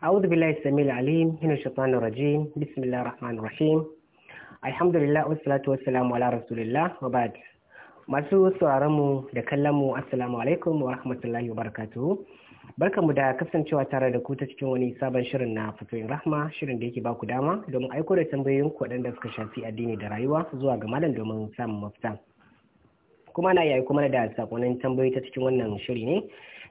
أعوذ بالله السميع العليم من الشيطان الرجيم بسم الله الرحمن الرحيم الحمد لله والصلاة والسلام على رسول الله وبعد masu mu da kallon mu assalamu alaikum wa rahmatullahi wa barakatuhu da kasancewa tare da ku ta cikin wani sabon shirin na fatoyin rahma shirin da yake baku dama domin aiko da tambayoyin ku da suka shafi addini da rayuwa zuwa ga malam domin samun mafita kuma na yayi kuma da sakonin tambayoyi ta cikin wannan shiri ne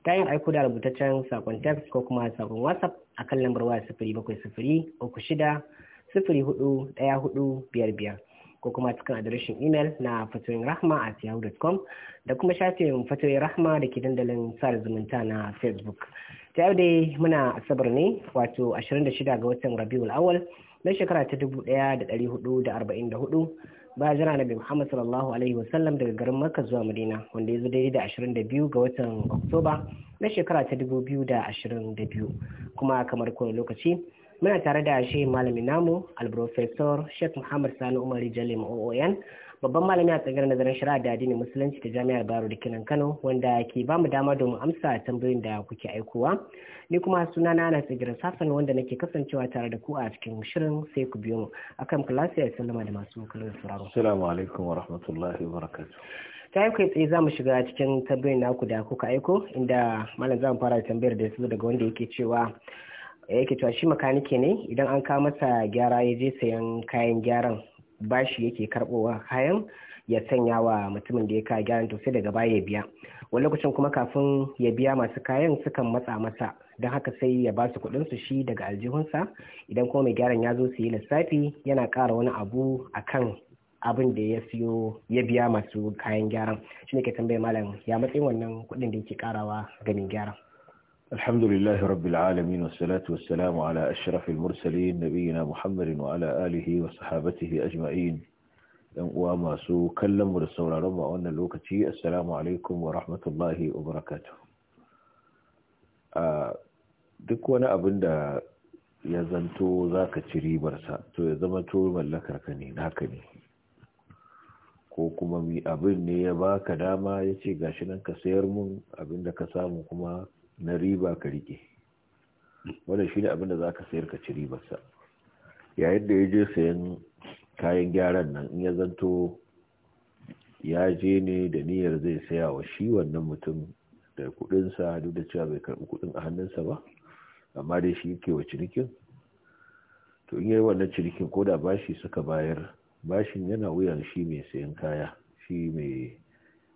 ta yin aiko da rubutaccen sakon text ko kuma sakon whatsapp a kan lambar waya sifiri bakwai sifiri uku shida sifiri hudu daya hudu biyar biyar ko kuma cikin adireshin imel na fatoyin rahma a yahoo.com da kuma shafin fatoyin rahma da ke dandalin sar zumunta na facebook ta yau dai muna asabar ne wato 26 ga watan rabiul awal na shekara ta 1444 ba jira nabi Muhammad sallallahu alaihi wasallam daga garin Makka zuwa Madina wanda ya zo daidai da 22 ga watan Oktoba na shekara ta 2022 kuma kamar kowane lokaci muna tare da shi malamin namu al Sheikh Muhammad Sani Umar Jalim OON babban malami a tsangar nazarin shari'a da addinin musulunci da jami'ar baro da kenan Kano wanda ke bamu dama domin amsa tambayoyin da kuke aikowa ni kuma suna na ana tsagirar safan wanda nake kasancewa tare da ku a cikin shirin sai ku biyo mu akan kulasiya ya sallama da masu kallon sauraro assalamu alaikum wa rahmatullahi wa ta yi kai tsaye za mu shiga cikin tambayoyin naku da kuka aiko inda malam za fara tambayar da su daga wanda yake cewa yake cewa shi makanike ne idan an kawo masa gyara ya je sayan kayan gyaran bashi yake karbowa kayan ya sanya wa mutumin da ya ka gyaran to sai daga baya ya biya wani lokacin kuma kafin ya biya masu kayan sukan matsa masa don haka sai ya ba su kuɗin su shi daga aljihunsa idan kuma mai gyaran ya zo su yi lissafi yana ƙara wani abu akan abin da ya siyo ya biya masu kayan gyaran shi ne ke tambaye malam ya matsayin wannan kuɗin da yake karawa ga mai gyaran الحمد لله رب العالمين والصلاة والسلام على أشرف المرسلين نبينا محمد وعلى آله وصحابته أجمعين وما سو كلم رسول رمى وأن الوقتي السلام عليكم ورحمة الله وبركاته duk wani abin da ya zanto za ka ci ribarsa to ya zama to mallakar ka ne naka ne ko kuma mi abin ne ya baka dama ya ce gashi nan ka sayar mun abin da ka samu kuma na riba ka rike wannan shi ne abinda za ka sayar ka ci ribarsa yayin da ya je sayan kayan gyaran nan in ya zanto ya je ne da niyyar zai saya wa shi wannan mutum da kudinsa duk da cewa bai karbi kudin a hannunsa ba amma dai shi ke wa cinikin to in yi wannan cinikin ko da bashi suka bayar bashin yana wuyan shi mai sayan kaya shi mai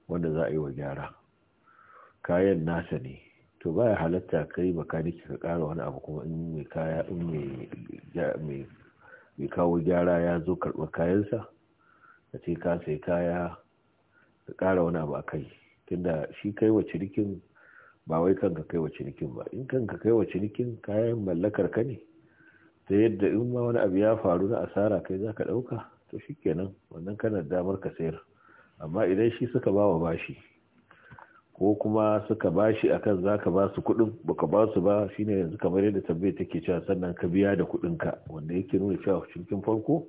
wanda za a yi wa gyara kayan nasa ne to baya halatta kai makaniki ka kara wani abu kuma in mai kaya in mai kawo gyara ya zo karɓar kayansa da ce ka sai kaya ka kara wani abu a kai tunda shi kai wa cinikin ba wai kanka kai wa cinikin ba in kanka kai wa cinikin kayan mallakar ka ne ta yadda in ma wani abu ya faru na asara kai za ka ɗauka to shi kenan wannan kana damar ka sayar amma idan shi suka ba wa bashi ko kuma suka bashi akan zaka ba su kuɗin baka ba su ba shine yanzu kamar yadda tambayar take cewa sannan ka biya da kuɗinka wanda yake nuna cewa cikin farko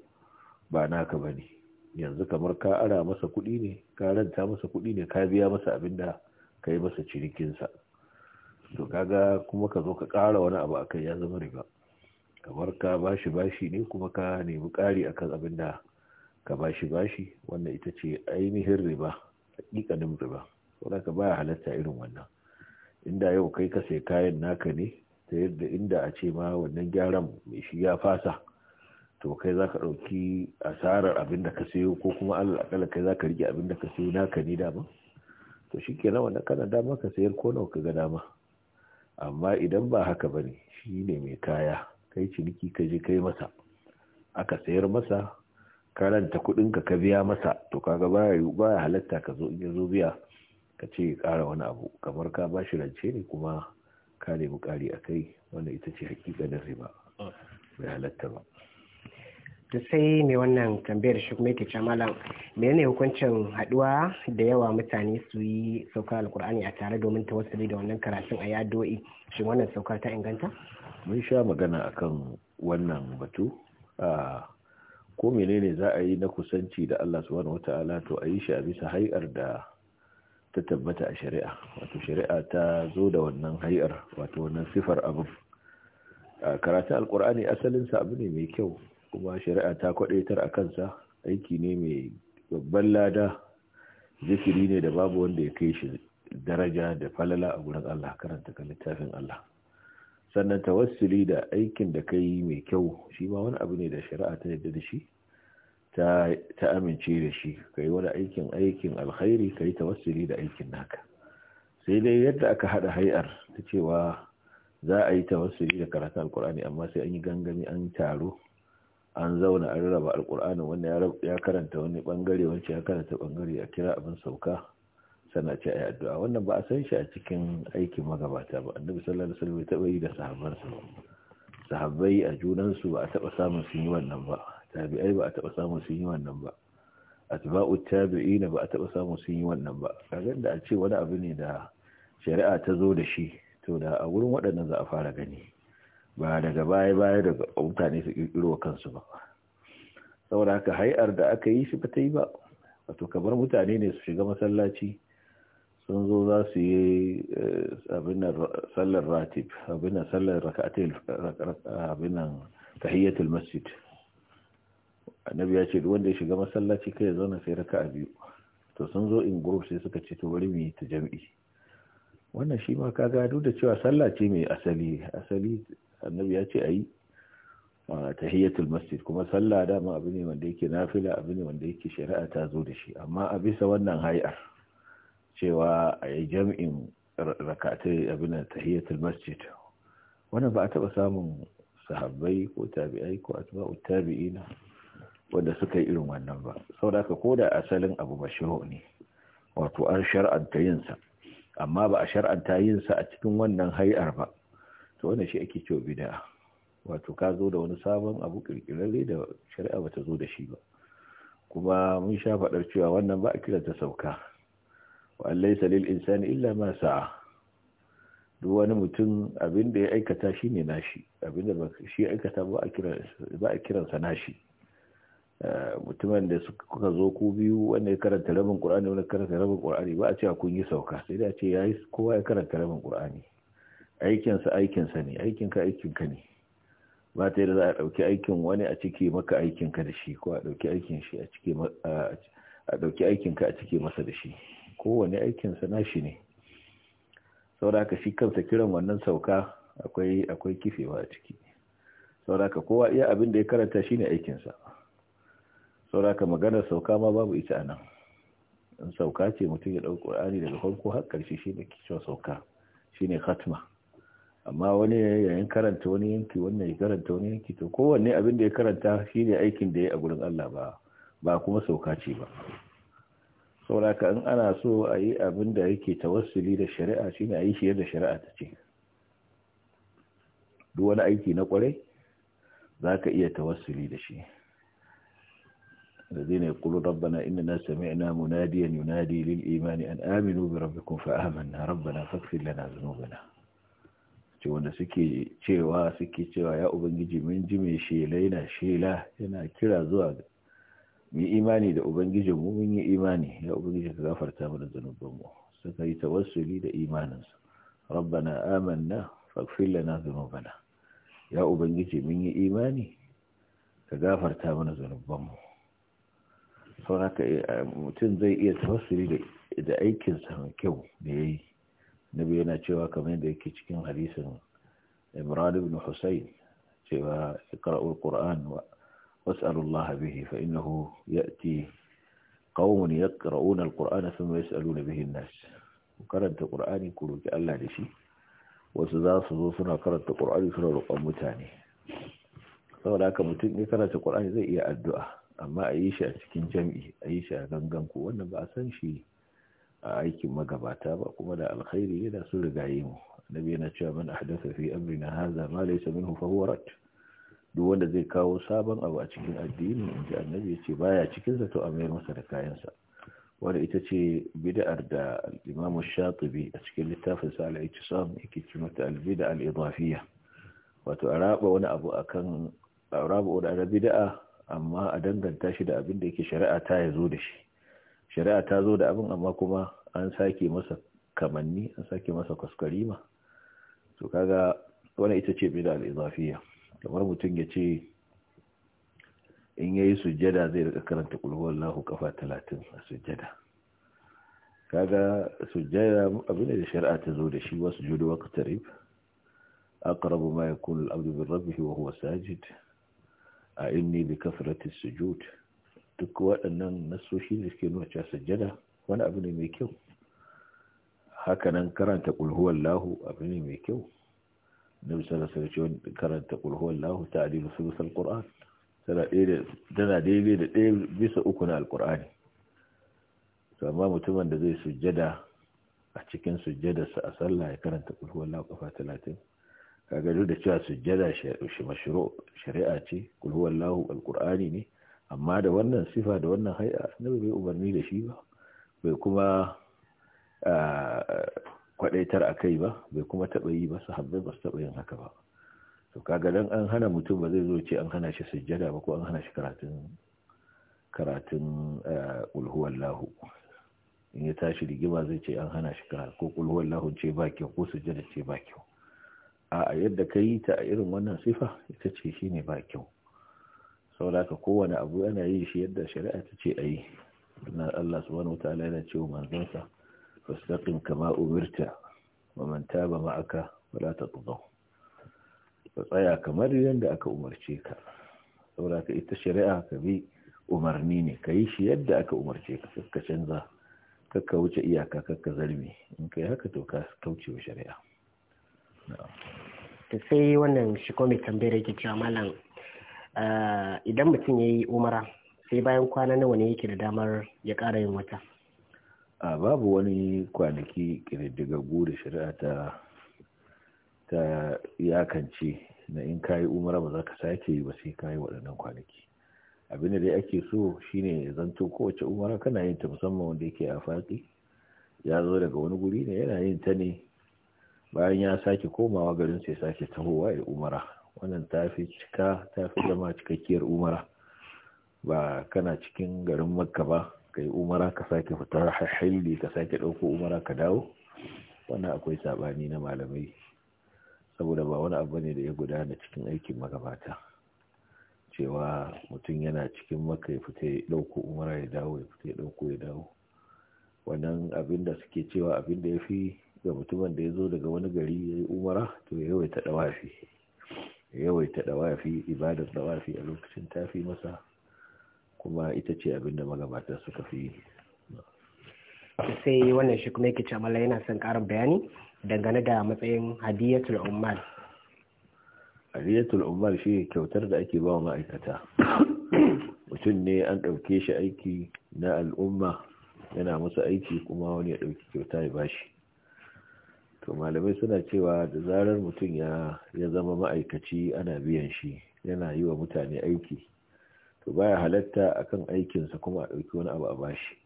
ba naka ne yanzu kamar ka ara masa kuɗi ne ka ranta masa kuɗi ne ka biya masa abin da ka yi masa cinikinsa to kaga kuma ka zo ka ƙara wani abu akai ya zama riba kamar ka bashi bashi ne kuma ka nemi ƙari akan abin da ka bashi bashi wannan ita ce ainihin riba hakikanin riba saboda baya halatta irin wannan inda yau kai ka sai kayan naka ne ta yadda inda a ce ma wannan gyaran mai shi ya fasa to kai za ka ɗauki asarar abin da ka sayo ko kuma allah akala kai za ka rike abin da ka sayo naka ne dama to shi kenan wannan kana dama ka sayar ko nawa ka ga dama amma idan ba haka ba ne shi ne mai kaya kai ciniki ka je kai masa aka sayar masa karanta kuɗin ka ka biya masa to kaga ba ya halatta ka zo in ya zo biya ka ce ya ƙara wani abu kamar ka ba shi rance ne kuma ka nemi ƙari a kai wanda ita ce hakikanin riba bai halatta ba ta sai mai wannan tambayar shi kuma yake camalan menene hukuncin haduwa da yawa mutane su yi saukar alkur'ani a tare domin ta wasu da wannan karatun a yado'i shi wannan saukar ta inganta mun sha magana akan wannan batu a ko menene za a yi na kusanci da Allah subhanahu wata'ala to a yi shi a bisa hai'ar da ta tabbata a shari'a wato shari'a ta zo da wannan hayar wato wannan sifar abin karatun alkur'ani sa abu ne mai kyau kuma shari'a ta kwadaitar a kansa aiki ne mai babban lada zikiri ne da babu wanda ya kai shi daraja da falala a gurin Allah karanta kan littafin Allah sannan tawassuli da aikin da ka mai kyau shi ma wani abu ne da shari'a ta yadda da shi ta amince da shi ka yi wani aikin aikin alkhairi ka yi tawassuli da aikin naka sai dai yadda aka haɗa hai'ar ta cewa za a yi tawassuli da karatu alkur'ani amma sai an yi gangami an taro an zauna a rarraba alkur'ani wanda ya karanta wani bangare wancan ya karanta bangare a kira abin sauka sana ce a addu'a wannan ba a san shi a cikin aikin magabata ba annabi sallallahu alaihi wasallam ya taɓa yi da sahabbansa sahabbai a junansu ba a taba samun sun yi wannan ba tabi'ai ba a taɓa samun sun yi wannan ba atba'u tabi'ina ba a taɓa samun sun yi wannan ba kaga da a ce wani abu ne da shari'a ta zo da shi to da a wurin waɗannan za a fara gani ba daga baya baya daga mutane su kirkiro kansu ba saboda haka hai'ar da aka yi shi ba ta yi ba wato kamar mutane ne su shiga masallaci sun zo za su yi eh, abinan sallar ratib abinan sallar raka'atul abinan tahiyyatul masjid annabi ya ce duk wanda ya shiga masallaci kai ya zauna sai a biyu to sun zo in group sai suka ce to bari mu yi ta jami'i wannan shi ma kaga duk da cewa sallah ce mai asali asali annabi ya ce ayi tahiyatul masjid kuma sallah dama abu ne wanda yake nafila abu ne wanda yake shari'a ta zo da shi amma a bisa wannan hay'ar cewa a yi jami'in rakatai abin tahiyatul masjid wannan ba a taba samun sahabbai ko tabi'ai ko atba'ut tabi'ina wanda suka yi irin wannan ba Sau da, ko da asalin abu ba shi ne wato an shar'anta yin amma ba a shar'anta yin sa a cikin wannan hay'ar ba to wanda shi ake cewa bid'a wato ka zo da wani sabon abu kirkirarre da shari'a ba ta zo da shi ba kuma mun sha faɗar cewa wannan ba a kiranta sauka wa salil salil insani illa ma sa'a duk wani mutum abin da ya aikata shi ne nashi abin da shi aikata ba a kiransa nashi Eh, mutumin da suka zo ku biyu wanda ya karanta rabin qur'ani wanda karanta rabin qur'ani ba a cewa kun yi sauka sai da a ce yayi kowa ya karanta rabin qur'ani aikin sa aikin sa ne aikin ka ne ba ta yadda za a dauki aikin wani a cike maka aikin da shi ko a dauki aikin shi a cike masa da shi kowane aikin sa nashi ne saboda shi kansa kiran wannan sauka akwai akwai kifewa a ciki saboda kowa iya abin da ya karanta shine aikin sa sauraka maganar sauka ma babu ita anan in sauka ce mutum ya ɗau ƙur'ani daga farko har ƙarshe shi ne cewa sauka shi ne khatma amma wani yayin karanta wani yanki wannan ya karanta wani yanki to kowanne abin da ya karanta shine aikin da ya a gurin Allah ba ba kuma sauka ce ba sauraka in ana so a yi abin da yake tawassuli da shari'a shi ne a yi shi yadda shari'a ta ce duk wani aiki na kwarai za ka iya tawassuli da shi الذين يقولون ربنا إننا سمعنا مناديا ينادي للإيمان أن آمنوا بربكم فآمنا ربنا فاكفر لنا ذنوبنا wanda suke cewa suke cewa ya ubangiji mun ji mai shela yana shela yana kira zuwa mu imani da ubangiji mu mun yi imani ya ubangiji ka gafarta mana zanubanmu suka yi tawassuli da imaninsu rabbana amanna faghfir lana dhunubana ya ubangiji mun yi imani ka gafarta mana zanubanmu sauraka eh, eh, mutum zai iya tawassuli da aikinsa mai kyau da ya yi biyu yana cewa kamar yadda yake cikin hadisin imran ibn hussein cewa iqra'ul qur'an wa was'alullaha bihi fa innahu ya'ti qaumun yaqra'una al-qur'ana thumma yas'aluna bihi an-nas karanta qur'ani ku roki Allah da shi wasu za su zo suna karanta qur'ani suna roƙon mutane saboda haka mutum ya karanta qur'ani zai iya addu'a amma a yi shi a cikin jam'i a yi shi a gangan ko wannan ba a san shi a aikin magabata ba kuma da alkhairi yana sun riga yi mu annabi yana cewa man ahdatha fi amrina hadha ma laysa minhu fa huwa duk wanda zai kawo sabon abu a cikin addini in ji annabi ya ce baya cikin sa to a mayar masa da kayansa wanda ita ce bid'ar da al-imamu shatibi a cikin littafin sa al-ittisam yake ce mata al-bid'a al-idafiyya wato a raba wani abu akan a raba wani bid'a amma a danganta shi da abin da yake shari'a ta ya zo da shi shari'a ta zo da abin amma kuma an sake masa kamanni an sake masa kwaskwarima to kaga wani ita ce bida al'izafiya kamar mutum ya ce in ya yi sujjada zai rika karanta kulhuwar lahu kafa talatin a sujjada kaga sujjada abin da shari'a ta zo da shi wasu judo wa qatarib aqrabu ma yakunu al-abdu bi rabbihi wa huwa sajid a inni bi kasrati sujud duk waɗannan nasoshi da suke nuna cewa sajjada wani abu ne mai kyau nan karanta kulhuwan lahu abu ne mai kyau na bisa da sarki karanta kulhuwan lahu ta adilu sulusar qur'an tana daidai da ɗaya bisa uku na alkur'ani to amma mutumin da zai sujjada a cikin sujjadarsa a sallah ya karanta kulhuwan lahu kafa talatin kaga duk da cewa sujjada shari'a ce kul lahu alqur'ani ne amma da wannan sifa da wannan hay'a annabi bai umarni da shi ba bai kuma kwadaitar a kai ba bai kuma taɓa yi ba sahabbai ba su taɓa yin haka ba to kaga dan an hana mutum ba zai zo ce an hana shi sujjada ba ko an hana shi karatun karatun in ya tashi rigima zai ce an hana shi karatu ko ulhuwallahu ce ba kyau ko sujjada ce ba kyau a yadda ka yi ta a irin wannan sifa ita ce shi ne ba kyau aka kowane abu yana yi shi yadda shari'a ta ce a yi na Allah subhanahu wa ta'ala yana wa manzansa fastaqim kama umirta wa man taba ma'aka ta tatghaw ka tsaya kamar yadda aka umarce ka sauraka ita shari'a ka bi umarni ne ka yi shi yadda aka umarce ka canza kakka wuce iyaka kakka zarmi in kai haka to ka kauce wa shari'a to sai wannan shi mai tambayar yake cewa malam idan mutum ya yi umara sai bayan kwana nawa ne yake da damar ya kara yin wata a babu wani kwanaki ƙididdigaggu da shari'a ta ta iyakance na in ka yi umara ba za ka sake yi ba sai ka yi waɗannan kwanaki abin da dai ake so shine zanto kowace umara kana yin ta musamman wanda yake a faɗi ya zo daga wani guri ne yana yin ta ne bayan ya sake komawa garin sai sake tahowa ya umara wannan ta fi cika ta fi zama cikakkiyar umara ba kana cikin garin makka ba ka yi umara ka sake fitar hailli ka sake ɗauko umara ka dawo wannan akwai sabani na malamai saboda ba wani abu ne da ya gudana cikin aikin magabata cewa mutum yana cikin maka ya fita ya ɗauko umara ya dawo ya fita ya ɗauko ya dawo wannan abin da suke cewa abin da ya fi ga mutumin da ya zo daga wani gari ya yi umara to ya yawaita dawafi ya yawaita dawafi ibadar dawafi a lokacin tafi masa kuma ita ce abin da magabata suka fi yi. sai wannan shi kuma yake camala yana son karin bayani dangane da matsayin hadiyatul ummal hadiyatul ummal shi kyautar da ake bawa ma'aikata mutum ne an ɗauke shi aiki na al'umma yana masa aiki kuma wani ya ɗauki kyauta ya bashi malamai suna cewa da zarar mutum ya zama ma'aikaci ana biyan shi yana yi wa mutane aiki to baya halatta a kan aikinsa kuma a ɗauki wani abu a bashi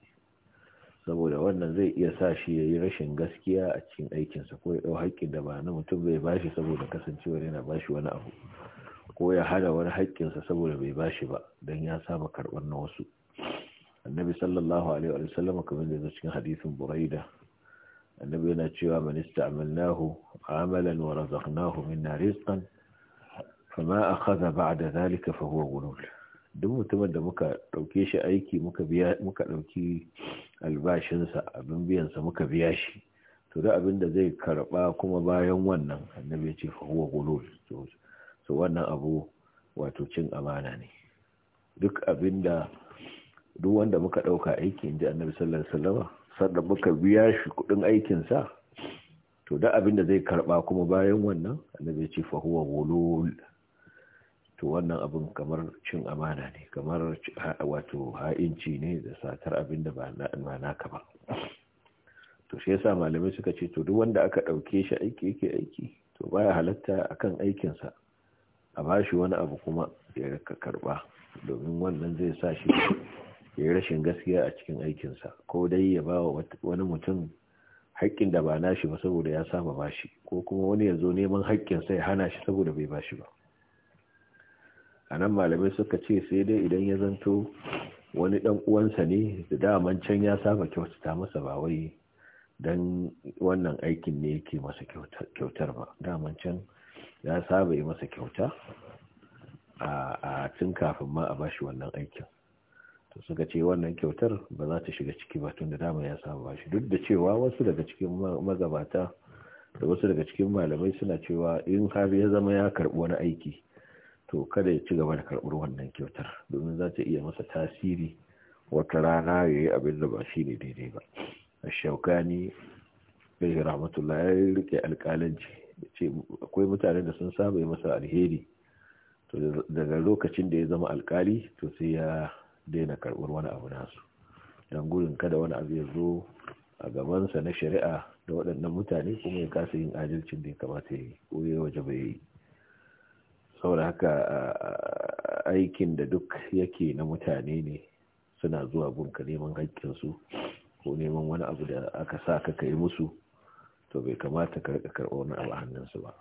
saboda wannan zai iya sa shi ya yi rashin gaskiya a cikin aikinsa ko ya ɗau haƙƙin da ba na mutum bai bashi saboda kasancewar yana bashi wani abu ko ya hada wani haƙƙinsa saboda bai bashi ba don ya saba karɓar na wasu annabi sallallahu alaihi wa sallam kamar da cikin hadisin buraida annabi yana cewa man ista'malnahu amalan wa razaqnahu minna rizqan fama akhadha ba'da zalika fa huwa gunul duk mutumin da muka dauke shi aiki muka biya muka dauki albashinsa abin biyan sa muka biya shi to da abin da zai karba kuma bayan wannan annabi ya ce fa huwa gunul to wannan abu wato cin amana ne duk abin da duk wanda muka dauka aiki inji annabi sallallahu alaihi wasallama sannan muka biya shi kudin aikinsa to da abin da zai karba kuma bayan wannan annabi ce fa huwa wulul to wannan abin kamar cin amana ne kamar wato ha'inci ne da satar abin da ba naka ba to shi yasa malamai suka ce to duk wanda aka dauke shi aiki yake aiki to baya halatta akan aikinsa a bashi wani abu kuma ya karba domin wannan zai sa shi ya yi rashin gaskiya a cikin aikinsa ko dai ya ba wa wani mutum haƙƙin da ba nashi ba saboda ya saba bashi ko kuma wani ya zo neman haƙƙinsa ya hana shi saboda bai bashi ba a nan malamai suka ce sai dai idan ya zanto wani ɗan uwansa ne da daman can ya saba kyautata masa ba wai don wannan aikin ne yake masa kyautar ba daman can ya saba yi masa kyauta a tun kafin ma a bashi wannan aikin suka ce wannan kyautar ba za ta shiga ciki ba tun da dama ya samu ba shi duk da cewa wasu daga cikin magabata da wasu daga cikin malamai suna cewa in har ya zama ya karɓi wani aiki to kada ya ci gaba da karɓar wannan kyautar domin za ta iya masa tasiri wata rana ya yi abin da ba shi ne daidai ba a shaukani bai rahmatullah ya rike alƙalanci ce akwai mutanen da sun saba masa alheri to daga lokacin da ya zama alkali to sai ya daina karɓar wani abu nasu don gudun kada wani abu ya zo a gabansa na shari'a da waɗannan mutane kuma ya kasa yin adalcin da ya kamata ya yi ko ya waje bai yi saboda haka aikin da duk yake na mutane ne suna zuwa bunka neman haƙƙinsu ko neman wani abu da aka sa ka kai musu to bai kamata ka karɓa wani abu a hannunsu ba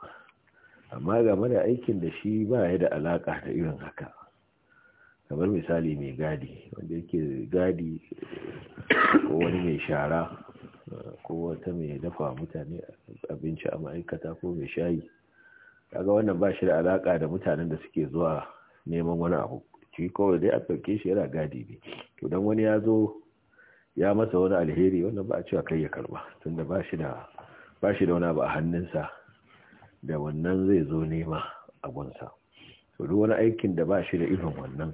amma game da aikin da shi ba ya da alaƙa da irin haka kamar misali mai gadi wanda yake gadi ko wani mai shara ko wata mai dafa mutane abinci a ma'aikata ko mai shayi kaga wannan ba shi da alaka da mutanen da suke zuwa neman wani abu shi kawai dai a ɗauke shi yana gadi ne to dan wani ya zo ya masa wani alheri wannan ba a cewa kai ya karba tunda ba shi da ba da wani abu a hannunsa da wannan zai zo nema a gunsa wani aikin da ba shi da irin wannan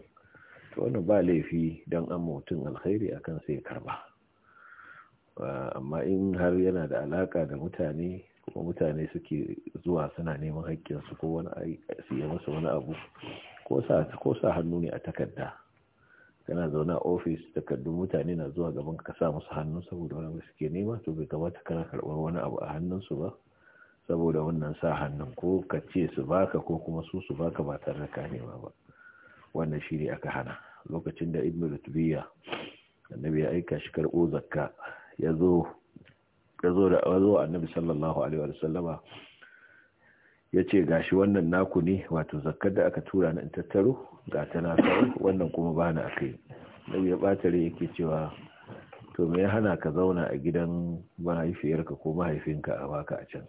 to ba laifi don an mutum alkhairi kan sai karba ah, amma in har yana da alaka da mutane kuma mutane suke zuwa suna neman haƙƙinsu ko wani su yi masa wani abu ko sa hannu ne a takarda kana zaune a ofis takardun mutane na zuwa gaban ka sa musu hannu saboda wani suke nema to bai kamata kana karɓar wani abu a hannunsu ba saboda wannan sa hannun ko ka ce su baka ko kuma su su baka ba tare da ka nema ba wannan shi ne aka hana lokacin da ibn rutubiya annabi ya aika shi karɓo zakka ya zo da wazo annabi sallallahu alaihi wa sallama ya ce gashi wannan naku ne wato zakkar da aka tura na in tattaro ga ta na wannan kuma bani a kai nabi ya ɓatare yake cewa to me ya hana ka zauna a gidan mahaifiyarka ko mahaifinka a baka a can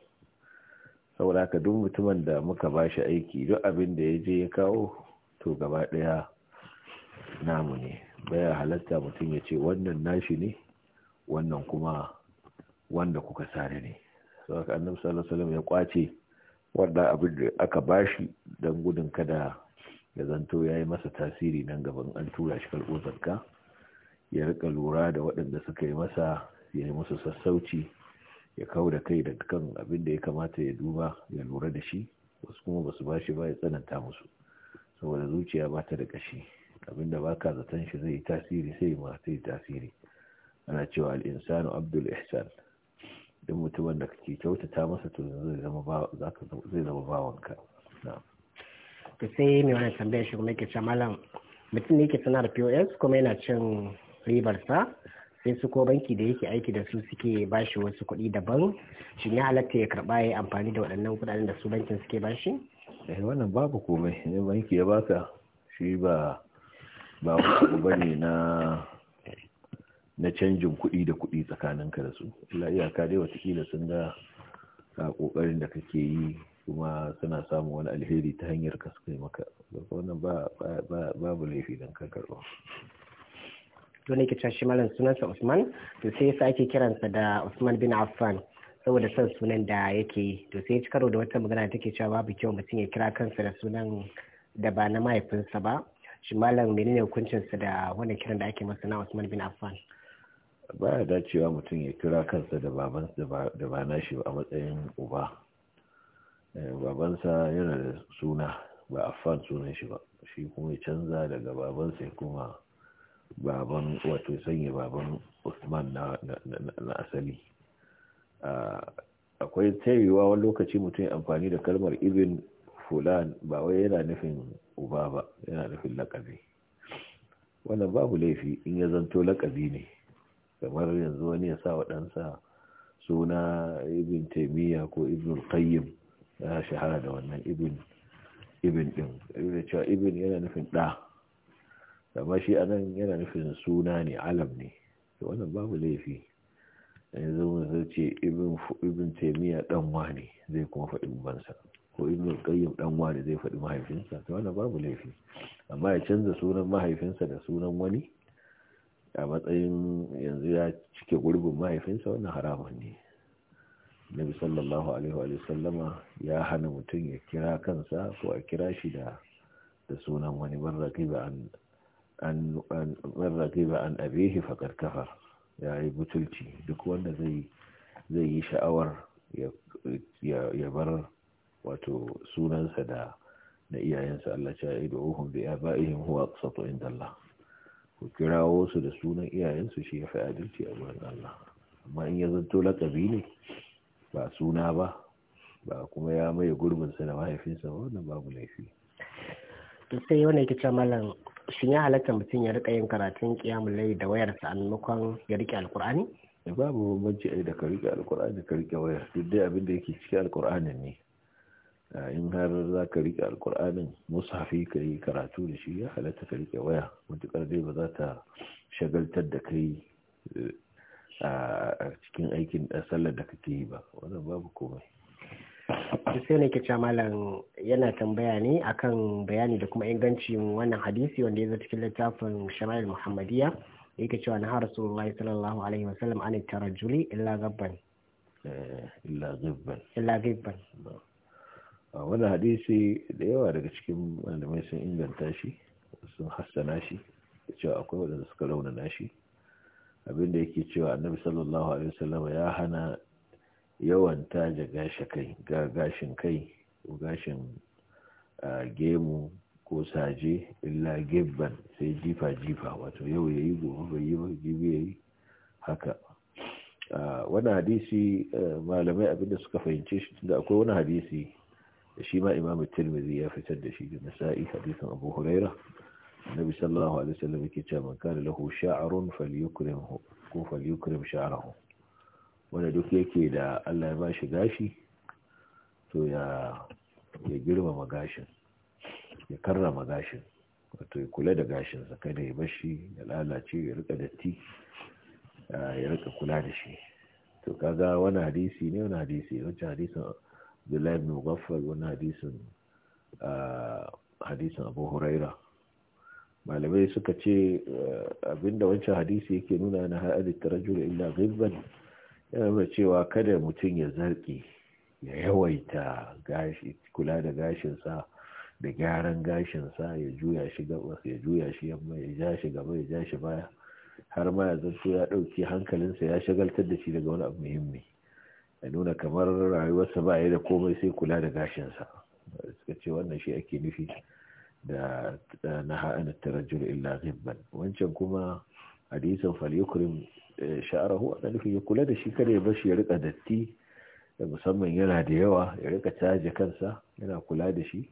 saboda haka duk mutumin da muka ba shi aiki duk abin da ya je ya kawo to gaba ɗaya namu ne baya halatta mutum ya ce wannan nashi ne wannan kuma wanda kuka sare ne sau aka annabi sallallahu alaihi ya kwace wadda abin da aka bashi don gudun kada ya zanto ya yi masa tasiri nan gaban an tura shi karɓo zakka ya rika lura da waɗanda suka yi masa ya yi musu sassauci ya kau da kai daga kan abin da ya kamata ya duba ya lura da shi wasu kuma ba su bashi ba ya tsananta musu saboda zuciya ba ta da ƙashi abinda ba ka zaton shi zai yi tasiri sai ma sai tasiri ana cewa al'insanu abdul ihsan duk mutumin da kake kyautata masa to zai zama bawanka to sai mai wani tambayar shi kuma yake ce malam mutum ne ke sana da pos kuma yana cin ribarsa sai su ko banki da yake aiki da su suke bashi wasu kuɗi daban shi ne halatta ya karɓa ya amfani da waɗannan kuɗaɗen da su bankin suke bashi eh wannan babu komai ne banki ya baka shi ba ba wani bane na na canjin kuɗi da kuɗi tsakaninka da su illa iyaka dai watakila sun ga a ƙoƙarin da kake yi kuma suna samu wani alheri ta hanyar ka suka yi maka wannan ba babu laifi dan ka karɓa to ne ke shi malam sunansa Usman to sai yasa ake kiransa da Usman bin Affan saboda son sunan da yake to sai ci karo da wata magana da take cewa babu kyau mutum ya kira kansa da sunan da ba na mahaifinsa ba shi malam menene hukuncinsa da wannan kiran da ake masa na Usman bin Affan ba ya dacewa mutum ya kira kansa da baban da ba na shi a matsayin uba eh, babansa yana da suna ba Affan sunan shi ba shi kuma ya canza daga babansa ya kuma baban wato sanya baban Usman na asali akwai tayewa wani lokaci mutum amfani da kalmar Ibin fulan ba wai yana nufin uba ba yana nufin lakabi wannan babu laifi in ya zanto lakabi ne kamar yanzu wani ya sa waɗansa suna ibn taimiyya ko ibn qayyim ya shahara da wannan ibn ibn din ibn cewa ibn yana nufin ɗa amma shi anan yana nufin suna ne alam ne wannan babu laifi yanzu mun zai ce ibn taimiyya dan wani zai kuma faɗi ubansa ko ibn qayyim dan wani zai faɗi mahaifinsa to wannan babu laifi amma ya canza sunan mahaifinsa da sunan wani a matsayin yanzu ya cike gurbin mahaifinsa wannan haramun ne nabi sallallahu alaihi wa sallama ya hana mutum ya kira kansa ko a kira shi da da sunan wani barraqiba an an barraqiba an abihi ya yi butulci duk wanda zai yi sha'awar ya bar wato sunansa da na iyayensa Allah ya yi da ya bi aba'ihim huwa aqsatu inda Allah ku kirawo su da sunan iyayensu shi ya fi adalci a wurin Allah amma in ya zanto lakabi ne ba suna ba ba kuma ya maye gurbinsa da mahaifinsa wannan babu laifi to sai malam shin ya halatta mutum ya rika yin karatun kiyamun lai da wayar a maimakon ya rike alkur'ani babu bambanci da ka rike alkur'ani ka rike wayar duk dai abin da yake cikin alkur'anin ne in har za ka rike alkur'anin musafi ka yi karatu da shi ya halatta ka rike waya matukar dai ba za ta shagaltar da kai eh, a cikin aikin sallar da kake yi ba wannan babu komai sai ne ke cewa malam yana tambaya ne akan bayani da kuma ingancin wannan hadisi wanda ya zo cikin littafin shama'il muhammadiyya yake cewa na har rasulullahi sallallahu alaihi wasallam an tarajuli illa gabban eh, illa gabban illa gabban wannan hadisi da yawa daga cikin malamai sun inganta shi sun hassana shi cewa akwai waɗanda suka launa shi abinda yake cewa annabi sallallahu alaihi wasallam ya hana yawan taje gashin kai ko gashin gemu ko saje illa gibban sai jifa-jifa wato yau ya yi gobe bai yi ba jibi ya yi haka wani hadisi malamai abinda suka fahimce shi tunda akwai wani hadisi da shi ma imam tirmidhi ya fitar da shi da nasa'i hadisin abu huraira nabi sallallahu alaihi wasallam yake cewa man kana lahu sha'run falyukrimhu ko falyukrim sha'rahu wanda duk yake da Allah ya bashi gashi to ya ya girmama gashin ya karrama gashin wato ya kula da gashin sa kada ya bashi ya lalace ya rika datti ya rika kula da shi to kaga wani hadisi ne wani hadisi wancan hadisin Abdullahi ibn wani hadisin hadisin Abu Huraira malamai suka ce eh, abinda wancan hadisi yake nuna na ha'adit tarajul illa ghibban yana cewa kada mutum ya zarki ya yawaita kula da gashinsa da gyaran gashinsa ya juya shi gabas ya juya shi yamma ya ja shi gaba ya ja shi baya har ma ya zarto ya ɗauki hankalinsa ya shagaltar da shi daga wani abu muhimmi ya nuna kamar rayuwarsa ba ya da komai sai kula da gashinsa suka ce wannan shi ake nufi da na ha'anar tarajjul illa wancan kuma hadisin falikurin Eh, sha'arahu ana nufin ya kula da shi kada ya bashi ya rika datti da musamman yana da yawa ya rika caje kansa yana kula da shi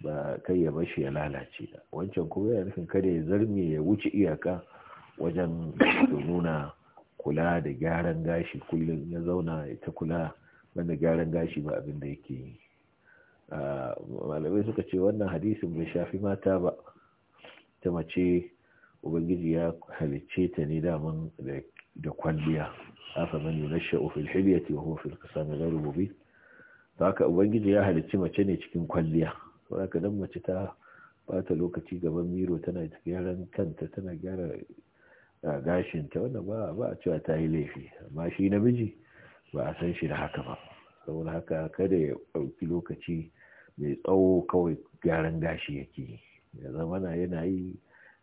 ba kai ya bashi ya lalace wancan kuma yana nufin kada ya zarme ya wuce iyaka wajen nuna kula da gyaran gashi kullum ya zauna ya ta kula wanda gyaran gashi ba abin da yake yi ah, malamai suka ce wannan hadisin bai shafi mata ba ta mace ubangiji ya halicce ta ne daman da kwalliya afa man yunasha'u fil hiliyati wa huwa fil qisami ghayru mubin haka ubangiji ya halicci mace ne cikin kwalliya saboda dan mace ta bata lokaci gaban miro tana gyaran kanta tana gyara gashinta wannan ba ba a cewa ta yi laifi amma shi namiji ba a san shi da haka ba saboda haka kada ya ɗauki lokaci mai tsawo kawai gyaran gashi yake ya zama yana yi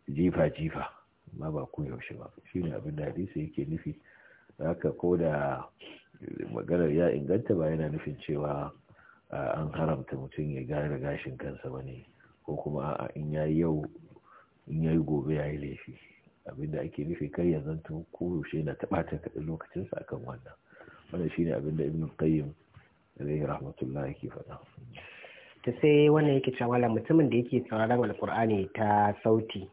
jifa jifa ma ba ku yaushe ba shine abin da hadisi yake nufi haka ko da maganar ya inganta ba yana nufin cewa an haramta mutum ya gane gashin kansa ba ne ko kuma a in ya yi yau in ya yi gobe ya yi laifi abin da ake nufi kai ya zanto ko yaushe na taɓata lokacin lokacinsa akan wannan wannan shine da ibn qayyim alaihi rahmatullah yake faɗa ta sai wannan yake cewa mutumin da yake sauraron alkur'ani ta sauti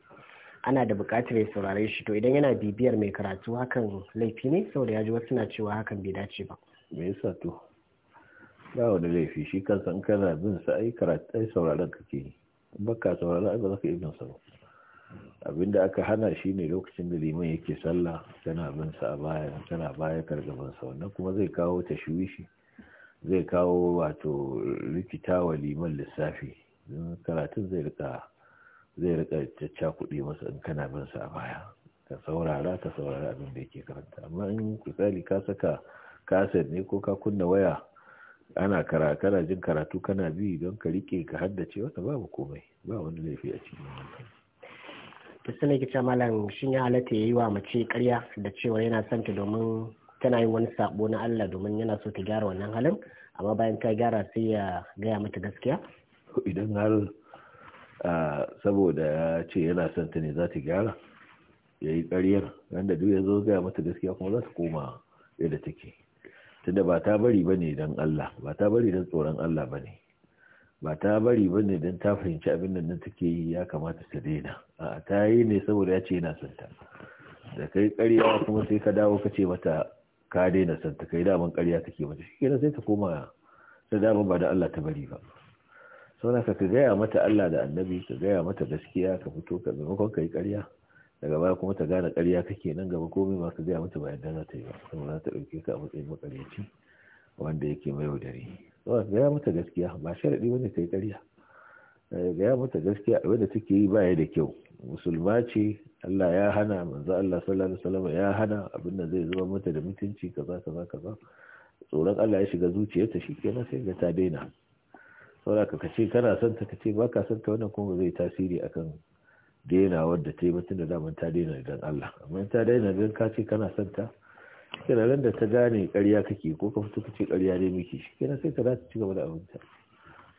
ana da bukatar ya saurare shi to idan yana bibiyar mai karatu hakan laifi ne saboda ya ji wasu na cewa hakan bai dace ba me yasa to ba wani laifi shi kansa in kana bin sa ai karatu ai sauraron kake baka sauraron ai ba za yi bin sa ba abinda aka hana shi ne lokacin da liman yake sallah tana bin sa a baya tana baya kargaban sa wannan kuma zai kawo ta shi zai kawo wato rikita wa liman lissafi karatun zai rika zai rika cacca kuɗi masa in kana bin sa a baya ka saurara ka saurara abin da yake karanta amma in misali ka saka kaset ne ko ka kunna waya ana kara kana jin karatu kana bi don ka rike ka haddace wata babu komai ba wani laifi a cikin wannan to sai ki malam shin ya halatta yayi wa mace ƙarya da cewa yana son ta domin tana yin wani sabo na Allah domin yana so ta gyara wannan halin amma bayan ta gyara sai ya gaya mata gaskiya idan har saboda ya ce yana son ta ne za ta gyara ya yi ƙaryar wanda duk ya zo gaya mata gaskiya kuma za ta koma yadda take tunda ba ta bari ba ne don Allah ba ta bari don tsoron Allah ba ne ba ta bari ba ne don ta fahimci abin da take yi ya kamata ta daina a ta yi ne saboda ya ce yana son ta da kai ƙarya kuma sai ka dawo ka ce mata ka daina son ta kai daman ƙarya take mata shi kenan sai ta koma ta dama ba da Allah ta bari ba naka ka gaya mata Allah da annabi ka gaya mata gaskiya ka fito ka maimakon ka yi ƙarya daga baya kuma ta gane ƙarya kake nan gaba komai ba ka gaya mata ba yadda za ta yi ba kuma za ta ɗauke ka a matsayin makaryaci wanda yake mai yaudari saboda gaya mata gaskiya ba sharaɗi wanda ta yi ƙarya eh, gaya mata gaskiya wanda take yi baya da kyau musulma ce Allah ya hana manzo Allah sallallahu alaihi wasallam ya hana abin da zai zuba mata da mutunci kaza kaza kaza tsoron Allah ya shiga zuciyarta shi kenan sai ga ta daina saboda ka kace kana son ta kace ba ka son ta wannan kuma zai tasiri akan daina wadda ta yi mutum da daman ta daina idan Allah amma ta daina idan ka ce kana son ta kira ran da ta gane ƙarya kake ko ka fito kace ƙarya ne miki shi kenan sai ka za ta ci gaba da abinta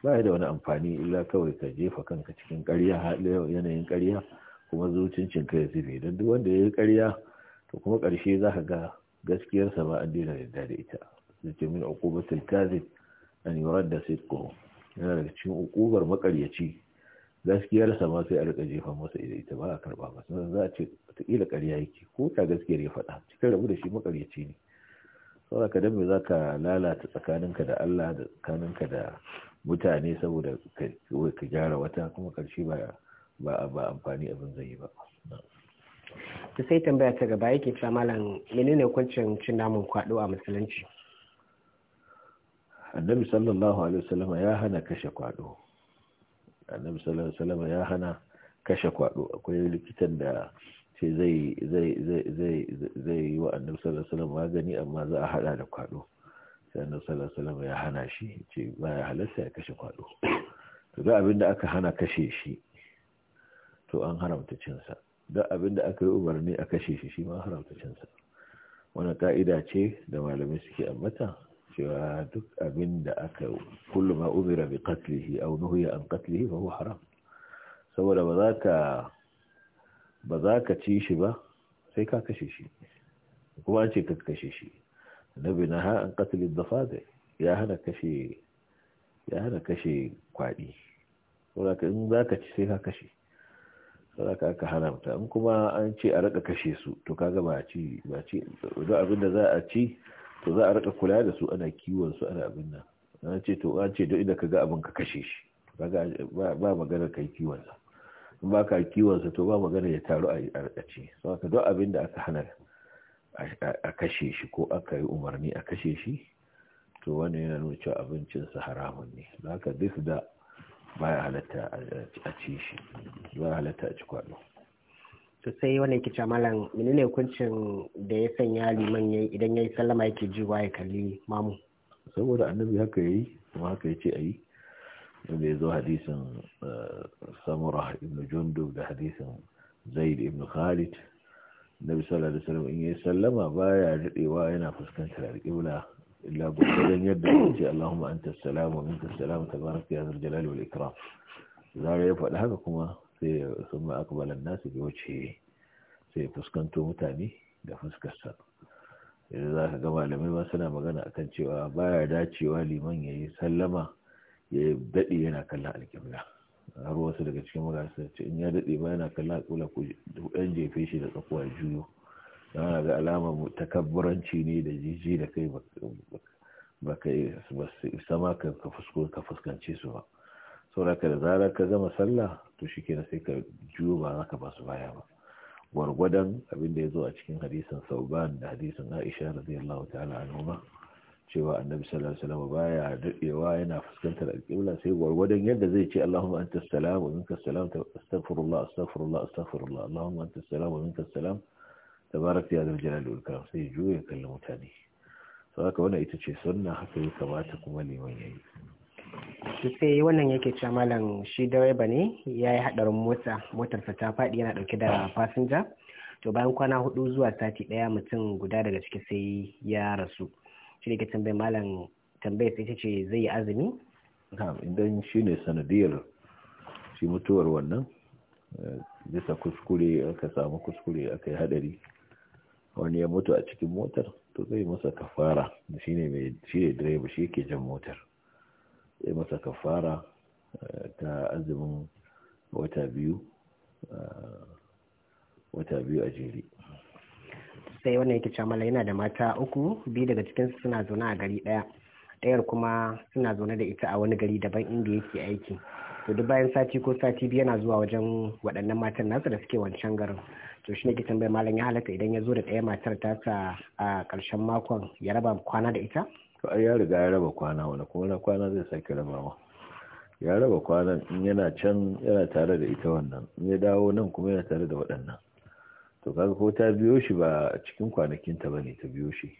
ba da wani amfani illa kawai ka jefa kanka cikin ƙarya yanayin ƙarya kuma zucincin ka ya zube don duk wanda ya yi ƙarya to kuma ƙarshe za ka ga gaskiyarsa ba an daina yarda da ita zai ce min uqubatul kazib an yuradda sidquhu yana daga cikin ukubar makaryaci gaskiyarsa ma sai a rika jefa masa ita ba a karba ba sannan za a ce wataƙila ƙarya yake ko ta gaskiyar ya faɗa cikin rabu da shi makaryaci ne saboda ka dan me za ka lalata tsakaninka da Allah da tsakaninka da mutane saboda ka gyara wata kuma ƙarshe ba ba amfani abin zai yi ba ta sai tambaya ta gaba yake cewa malam menene hukuncin cin namun kwado a musulunci annabi sallallahu alaihi wasallam ya hana kashe kwado annabi sallallahu alaihi wasallam ya hana kashe kwado akwai likitan da ce zai zai zai zai yi wa annabi sallallahu alaihi wasallam magani amma za a hada da kwado sai annabi sallallahu alaihi wasallam ya hana shi ce baya halarta ya kashe kwado to da abin da aka hana kashe shi to an haramta cinsa da abin da aka yi umarni a kashe shi shi ma haramta cinsa wani ka'ida ce da malamai suke ambata cewa duk abin da aka kullum a umira bi a wani huya an katlihi ba huwa haram saboda ba za ka ci shi ba sai ka kashe shi kuma an ce ka kashe shi nabi na ha an katli da ya hana kashe ya hana kashe kwadi saboda ka in za ka ci sai ka kashe saboda ka aka hana in kuma an ce a raka kashe su to kaga ba ci ba ci duk abin da za a ci to za a rika kula da su ana kiwon su ana abin nan an ce to an ce don idan ga abin ka kashe shi ba magana kai kiwon sa in ba ka kiwon sa to ba magana ya taru a arkace so ka don abin da aka hana a kashe shi ko aka yi umarni a kashe shi to wani yana nuna cewa abincin sa haramun ne haka duk da baya halatta a ci shi ba halatta a ci kwado to sai wannan ke cewa malam menene hukuncin da ya sanya liman yayi idan yayi sallama yake jiwa ya kalli mamu saboda annabi haka yayi kuma haka ya yace ayi wanda ya zo hadisin eh, samura ibn jundub da hadisin zaid ibn khalid nabi sallallahu alaihi wasallam in yayi sallama baya daɗewa yana fuskantar alƙibla illa Don yadda ce Allahumma anta salamu minka salamu tabaraka ya zal jalali wal ikram zare ya faɗi haka kuma sai sun ma akbalan nasu da wuce sai fuskanto mutane da fuskarsa yanzu za ka ga malamai ma suna magana a kan cewa baya dacewa liman ya yi sallama ya daɗe yana kallon alƙibla har wasu daga cikin magana ce in ya daɗe ba yana kallon alƙibla ko ɗan jefe shi da tsakuwa juyo don ga alamar takabburanci ne da jiji da kai ba ka yi sama ka fuskance su ba saboda da zarar ka gama sallah to shi kenan sai ka juyo ba za ka ba su baya ba gwargwadon abin da ya zo a cikin hadisin sauban da hadisin aisha radiyallahu ta'ala anhuma cewa annabi sallallahu alaihi wasallam baya daɗewa yana fuskantar alƙibla sai gwargwadon yadda zai ce Allahumma anta salam wa minka salam astaghfirullah astaghfirullah astaghfirullah Allahumma anta salam wa minka salam tabarak ya zal jalali wal karam sai juya kallon mutane saboda wannan ita ce sunna haka ya kamata kuma liman yayi sai wannan yake cewa malam shi direba ne ya yi haɗarin mota motarsa ta faɗi yana ɗauke da fasinja to bayan kwana hudu zuwa sati ɗaya mutum guda daga ciki sai ya rasu shi ne ke tambayi malam tambaye sai ce zai yi azumi idan shi ne sanadiyar shi mutuwar wannan eh, bisa kuskure aka samu kuskure aka yi haɗari wani ya mutu a cikin motar to zai masa kafara shi ne direba shi yake jan motar ya masa kafara eh, ta azumin wata biyu eh, wata biyu a jere sai wannan yake camala yana da mata uku biyu daga cikin suna zaune a gari daya dayar kuma suna zaune da ita a wani gari daban inda yake aiki to duk bayan sati ko sati biyu yana zuwa wajen waɗannan matan nasu da suke wancan garin to shi ne ke tambayar malam ya halatta idan ya zo da ɗaya matar tasa a ƙarshen makon ya raba kwana da ita to ai ya riga ya raba kwana wani kuma na kwana zai sake rabawa ya raba kwanan in yana can yana tare da ita wannan in ya dawo nan kuma yana tare da waɗannan to kaga ko ta biyo shi ba cikin kwanakin ta bane ta biyo shi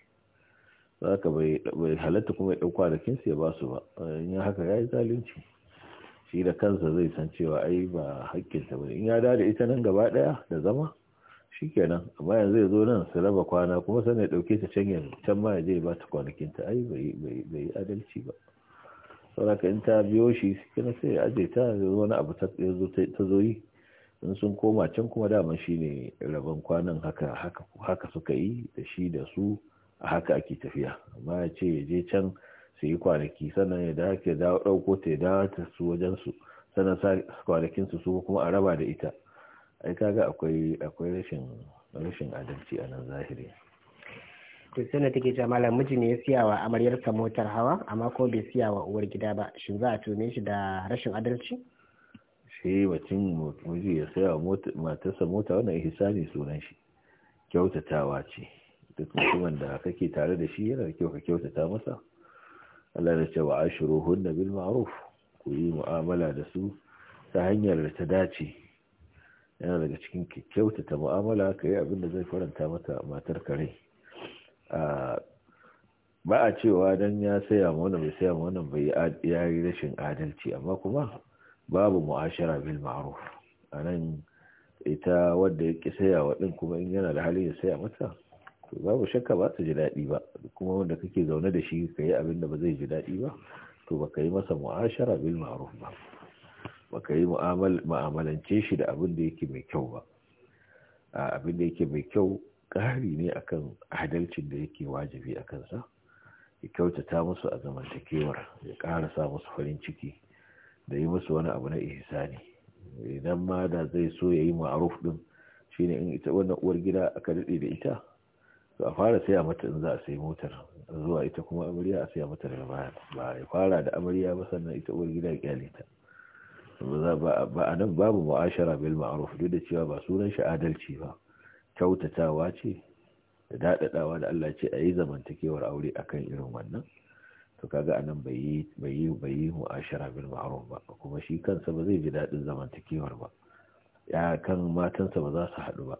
zaka bai bai halatta kuma ya dau kwanakin su ya ba su ba in ya haka yayi zalunci shi da kansa zai san cewa ai ba hakkin ta bane in ya dawo da ita nan gaba ɗaya da zama shikenan amma yanzu ya zo nan su raba kwana kuma sai ya dauke ta can yanzu can ma ya je ba ta kwanakin ta ai bai yi adalci ba ka in ta biyo shi kina sai ya aje ta yanzu wani abu ta zo yi in sun koma can kuma dama shi ne rabon kwanan haka haka suka yi da shi da su a haka ake tafiya amma ya ce ya je can su yi kwanaki sannan ya da haka ya ɗauko ta ya dawo ta su wajen su sannan kwanakin su su kuma a raba da ita ai kaga akwai akwai rashin rashin adalci a nan zahiri to sai take cewa malam miji ne ya siya wa amaryarsa motar hawa amma ko bai siya wa uwar gida ba shin za a tume shi da rashin adalci shi wacin miji ya siya wa matarsa mota wannan ihsani sunan shi kyautatawa ce duk mutumin da kake tare da shi yana da kyau ka kyautata masa Allah ya ce wa ashiruhunna bil ma'ruf ku yi mu'amala da su ta hanyar da ta dace yana daga cikin ta mu'amala ka yi abinda zai faranta mata matar kare ba a cewa don ya saya ma wannan bai saya ma wannan bai ya yi rashin adalci amma kuma babu mu'ashara bil ma'ruf a nan ita wadda ya ƙi saya wa ɗin kuma in yana da halin ya saya mata to babu shakka ba ta ji daɗi ba kuma wanda kake zaune da shi ka yi abin da ba zai ji daɗi ba to ba ka yi masa mu'ashara bil ma'ruf ba baka yi mu'amalance shi da abin da yake mai kyau ba abin da yake mai kyau ƙari ne akan adalcin da yake wajibi a kansa ya kyautata musu a zamantakewar ya ƙarasa musu farin ciki da yi musu wani abu na ihsani idan ma da zai so ya yi ma'aruf ɗin shine in ita wannan uwar gida aka daɗe da ita to a fara saya mata in za a sayi motar zuwa ita kuma amarya a saya mata daga baya ba ya fara da amarya ba sannan ita uwar gida ya kyale ba a nan babu mu'ashara bil ma'ruf duk da cewa ba sunan shi adalci ba kyautatawa ce da daɗaɗawa da Allah ce a yi zamantakewar aure akan irin wannan to kaga anan bai yi bai yi mu'ashara bil ma'ruf ba kuma shi kansa ba zai ji daɗin zamantakewar ba ya kan matansa ba za su haɗu ba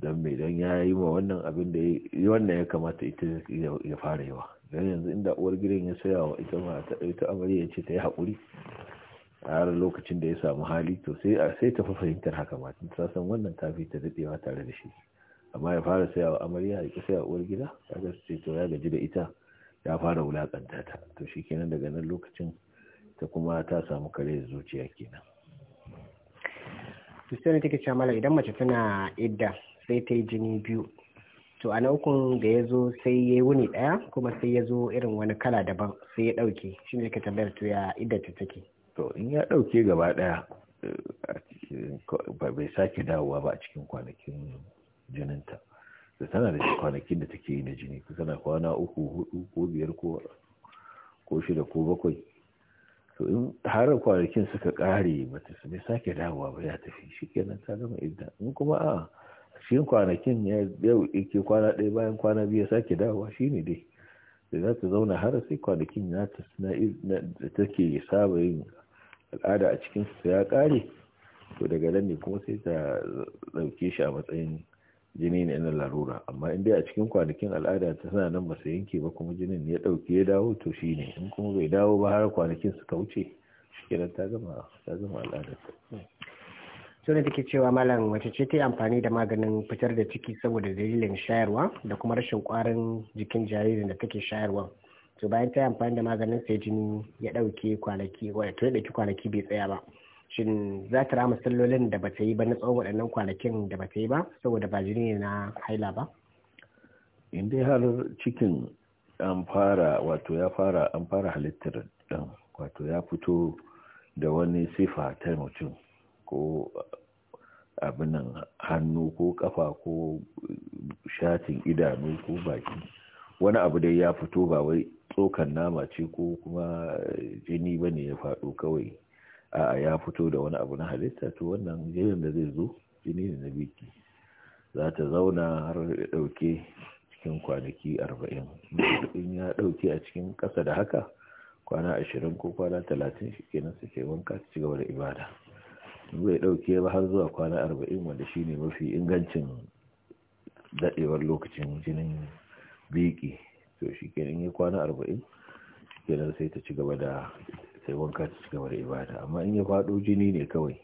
don mai don ya yi wa wannan abin da wannan ya kamata ita ya fara yawa don yanzu inda uwar gidan ya saya wa ita ma ta ɗauki amari ya ce ta yi haƙuri har lokacin da ya samu hali to sai sai ta fahimtar haka ma ta san wannan ta fi ta dadewa tare da shi amma ya fara sai wa amarya ya kisa ya uwar gida kaga sai to ya gaji da ita ya fara wulakanta ta to shikenan daga nan lokacin ta kuma ta samu kare zuciya kenan to sai take cewa mala idan mace tana idda sai ta yi jini biyu to a naukun da ya zo sai ya wuni daya kuma sai ya zo irin wani kala daban sai ya dauke shine yake tambayar to ya idda ta take to in ya ɗauke gaba ɗaya eh, bai sake dawowa ba a cikin kwanakin jininta da tana da kwanakin da take yi na jini tana kwana uku hudu ko biyar ko shida ko bakwai to in har kwanakin suka kare mata su bai sake dawowa ba ya tafi shi kenan ta gama idda in kuma a cikin kwanakin ya yau yake kwana ɗaya bayan kwana biyu ya sake dawowa shi ne dai da za ta zauna har sai kwanakin na ta take saba yin al'ada a cikinsu ya kare to daga nan ne kuma sai ta ɗauke shi a matsayin jini ne na larura amma in dai a cikin kwanakin al'ada ta tana nan ba su yanke ba kuma jinin ya ɗauke ya dawo to shi ne in kuma bai dawo ba har kwanakin suka wuce shi kenan ta gama ta gama al'ada ta ne take cewa malam wace ce ta yi amfani da maganin fitar da ciki saboda dalilin shayarwa da kuma rashin kwarin jikin jaririn da take shayarwa to bayan ta yi amfani da maganin sai jini ya ɗauke kwanaki ya ɗauki kwanaki bai tsaya ba shin za ta rama sallolin da bata yi ba na tsawon waɗannan kwanakin da bata yi ba saboda ba jini na haila ba in dai har cikin an fara wato ya fara an fara halittar ɗan wato ya fito da wani sifa ta mutum ko abinan hannu ko kafa ko shatin idanu ko baki wani abu dai ya fito ba wai tsokan nama ce ko kuma eh, jini ba ne ya faɗo kawai a ya fito da wani abu na halitta to wannan jinin da zai zo jini ne na biki za ta zauna har da ɗauke cikin kwanaki arba'in in ya ɗauke a cikin kasa da haka kwana ashirin ko kwana talatin shi kenan su ke wanka su ci gaba da ibada bai ɗauke ba har zuwa kwana arba'in wanda shine mafi ingancin daɗewar lokacin jinin biki to shi kenan ya kwana arba'in kenan sai ta ci gaba da sai wanka ta ci gaba da ibada amma in ya faɗo jini ne kawai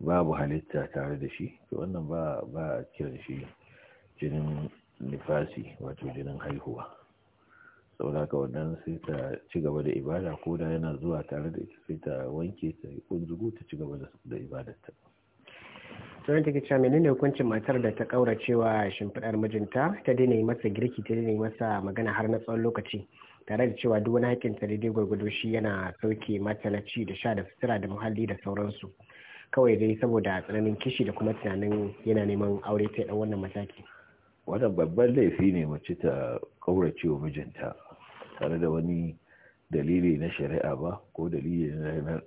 babu halitta tare da shi to wannan ba ba kiran shi jinin nifasi wato jinin haihuwa sau da wannan sai ta ci gaba da ibada ko da yana zuwa tare da ita sai ta wanke ta yi kunzugu ta ci gaba da ta. sauran take cewa menene hukuncin matar da ta kaura cewa shimfiɗar mijinta ta daina yi masa girki ta daina yi masa magana har na tsawon lokaci tare da cewa duk wani haƙƙin ta daidai gwargwado shi yana sauke mata na ci da sha da fitira da muhalli da sauransu kawai dai saboda tsananin kishi da kuma tunanin yana neman aure ta ɗan wannan mataki wannan babban laifi ne mace ta kaurace wa mijinta tare da wani dalili na shari'a ba ko dalili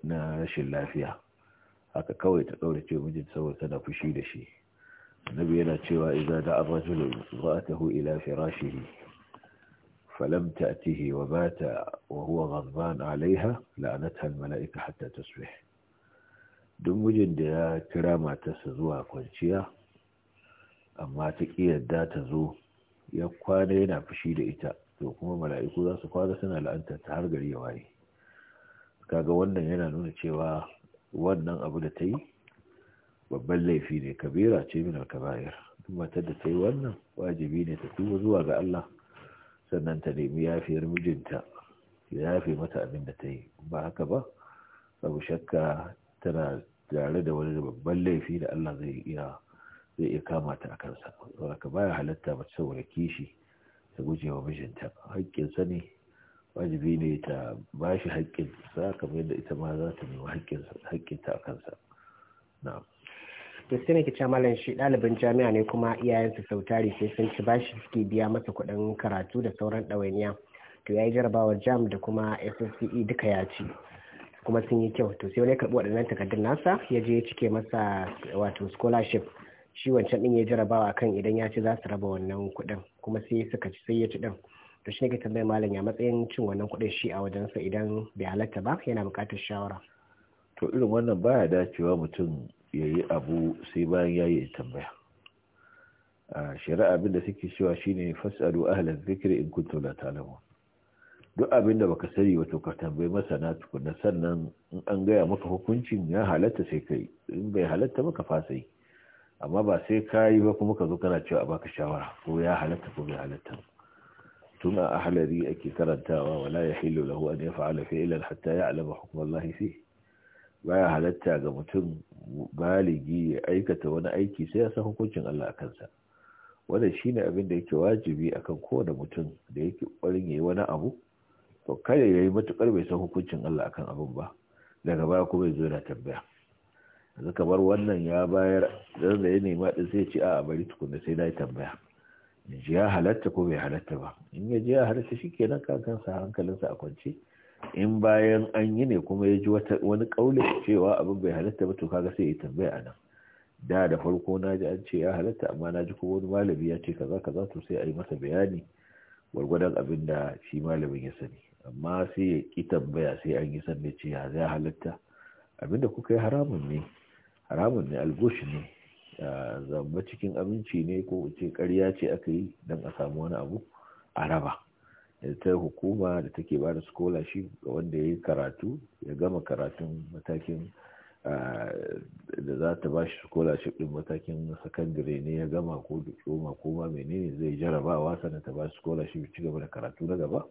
na rashin lafiya haka kawai ta ce mijin saboda tana fushi da shi annabi yana cewa da za a ra'atahu ila firashihi falam ta'tihi wa bata wa huwa ghadban 'alayha la'anatha malaika hatta tasbih duk mijin da ya kira matarsa zuwa kwanciya amma ta kiyarda ta zo ya kwana yana fushi da ita to kuma mala'iku za su kwana suna la'anta ta har gari ya waye kaga wannan yana nuna cewa wannan abu da ta yi babban laifi ne kabira ce min alkaba'ir matar da ta yi wannan wajibi ne ta tuba zuwa ga Allah sannan ta nemi yafiyar mijinta ya yafe mata abin da ta yi ba haka ba abu shakka tana tare da wani babban laifi da Allah zai iya zai iya kama ta a kansa ka baya halatta mace saboda kishi ta guje wa mijinta hakkin sani. wajibi ne ta ba shi haƙƙin sa kamar yadda ita ma za ta nemi haƙƙin ta a kansa na to sai nake cewa malam shi ɗalibin jami'a ne kuma iyayensa sau tari sai sun ci bashi suke biya masa kuɗin karatu da sauran ɗawainiya to ya yi jarabawar jam da kuma sse duka ya ci kuma sun yi kyau to sai wani karɓi waɗannan takardun nasa ya je ya cike masa wato scholarship shi wancan ɗin ya jarabawa kan idan ya ci za su raba wannan kuɗin kuma sai suka ci sai ya ci ɗin to shi ke tambayar malam ya matsayin cin wannan kuɗin shi a wajensa idan bai halatta ba yana buƙatar shawara to irin wannan baya dacewa mutum ya yi abu sai bayan ya yi tambaya a shari'a abinda suke cewa shine fasalu ahlan zikri in kuntum la ta'lamun duk abin da baka sani wato ka tambayi masana tukunna sannan in an gaya maka hukuncin ya halatta sai kai in bai halatta maka fasa amma ba sai ka yi ba kuma ka zo kana cewa a baka shawara ko ya halatta ko bai halatta ba tun a ahalari ake karantawa wala ya hillu lahu an yaf'ala fi'lan hatta ya'lama hukm Allah fi baya halatta ga mutum baligi ya aikata wani aiki sai ya san hukuncin Allah a kansa wannan shine abin da yake wajibi akan kowane mutum da yake ƙwarin yayi wani abu to kada yayi matukar bai san hukuncin Allah kan abin ba daga baya kuma ya zo na tambaya yanzu kamar wannan ya bayar da ya nema din sai ya ce a bari tukunna sai na yi tambaya ya halatta ko bai halatta ba in ya ji ya halatta shi kenan kakansa hankalinsa a kwance in bayan an yi ne kuma ya ji wani kaule cewa abin bai halatta ba to kaga sai ya tambaya a nan da da farko na ji an ce ya halatta amma na ji ko wani malami ya ce kaza kaza to sai a yi masa bayani gwargwadon abin da shi malamin ya sani amma sai ya ki tambaya sai an yi sanne ce ya halatta abin da kuka yi haramun ne haramun ne algoshi ne zamba cikin aminci ne ko ce ƙarya ce aka yi don a samu wani abu a raba ta hukuma da take ke bada scholarship ga wanda ya yi karatu ya gama karatun matakin da za ta ba shi scholarship din matakin sakandare ne ya gama ko diploma ko ma menene zai jarabawa sannan ta ba shi scholarship ci gaba da karatu na gaba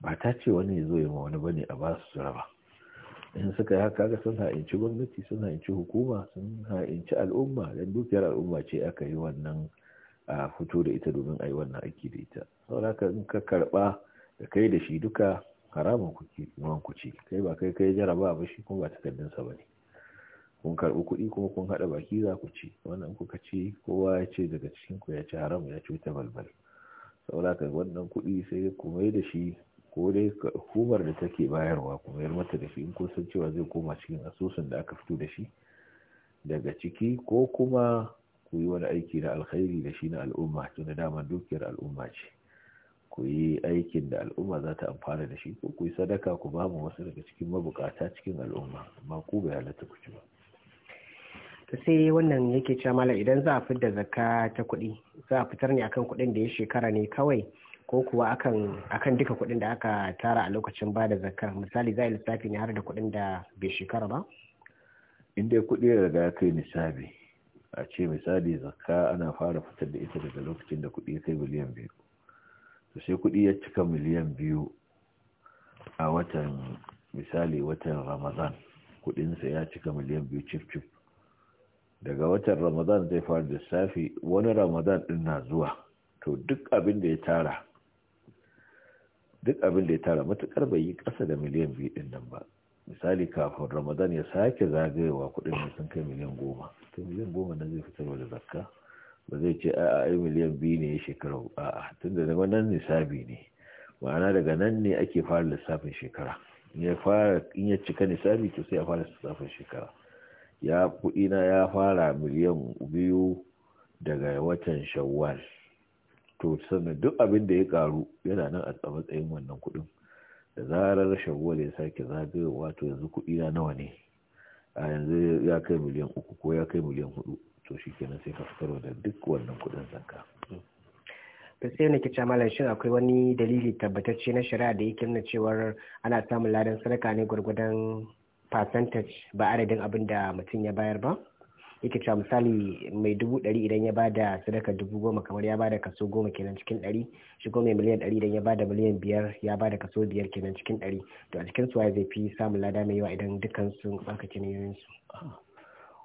ba ta ce wani zo ya ma wani bane a ba su raba in suka yi haka sun ha'inci gwamnati sun ha'inci hukuma sun ha'inci al'umma don dukiyar al'umma ce aka yi wannan a fito da ita domin a yi wannan aiki da ita saboda in ka karba da kai da shi duka haramun kuke ruwan ku ce kai ba kai kai jaraba ba shi kuma ba takardunsa ba ne kun karbi kuɗi kuma kun haɗa baki za ku ci wannan kuka ci kowa ya ce daga cikin ku ya ci haramu ya ci ta balbal saboda wannan kuɗi sai ku mai da shi ko dai hukumar da take bayarwa kuma yar mata da shi in kun san cewa zai koma cikin asusun da aka fito da shi daga ciki ko kuma ku yi wani aiki da alkhairi da shi na al'umma tun da dama dukiyar al'umma ce ku yi aikin da al'umma za ta amfana da shi ko ku yi sadaka ku ba mu wasu daga cikin mabukata cikin al'umma amma ku bai halatta ku ci ba ta sai wannan yake cewa idan za a fitar da zakka ta kuɗi za a fitar ne akan kuɗin da ya shekara ne kawai ko kuwa akan akan duka kuɗin da aka tara a lokacin ba da zakka misali za a lissafi ne har da kuɗin da bai shekara ba in dai kuɗi ya riga ya kai nisabi a ce misali zakka ana fara fitar da ita daga lokacin da kuɗi ya kai miliyan biyu to sai kuɗi ya cika miliyan biyu a watan misali watan ramadan sa ya cika miliyan biyu cif cif daga watan ramadan zai fara lissafi wani ramadan ɗin na zuwa to duk abin da ya tara duk abin da ya tara matukar bai yi ƙasa da miliyan biyu din nan ba misali kafin ramadan ya sake zagayewa kuɗin ne sun kai miliyan goma to miliyan goma nan zai fitar da zakka ba zai ce a ai miliyan biyu ne ya shekara a tun da daga nan nisabi ne ma'ana daga nan ne ake fara lissafin shekara in ya fara in ya cika nisabi to sai a fara lissafin shekara ya kuɗi ya fara miliyan biyu daga watan shawwal to sannan duk abin da ya karu yana nan a matsayin wannan kudin da zarar rashin da ya sake zagayowa wato yanzu kuɗi na nawa ne a yanzu ya kai miliyan uku ko ya kai miliyan hudu to shi kenan sai ka fitar da duk wannan kuɗin zanka to sai ne kice malam shin akwai wani dalili tabbatacce na shari'a da yake nuna cewar ana samun ladan sadaka ne gwargwadon percentage ba adadin abin da mutum ya bayar ba yake cewa misali mai dubu ɗari idan ya bada sadaka dubu goma kamar ya bada kaso goma kenan cikin ɗari shi kuma mai miliyan ɗari idan ya bada miliyan biyar ya bada kaso biyar kenan cikin ɗari to a cikin suwa zai fi samun lada mai yawa idan dukkan tsaka tsarkake niyoyin su.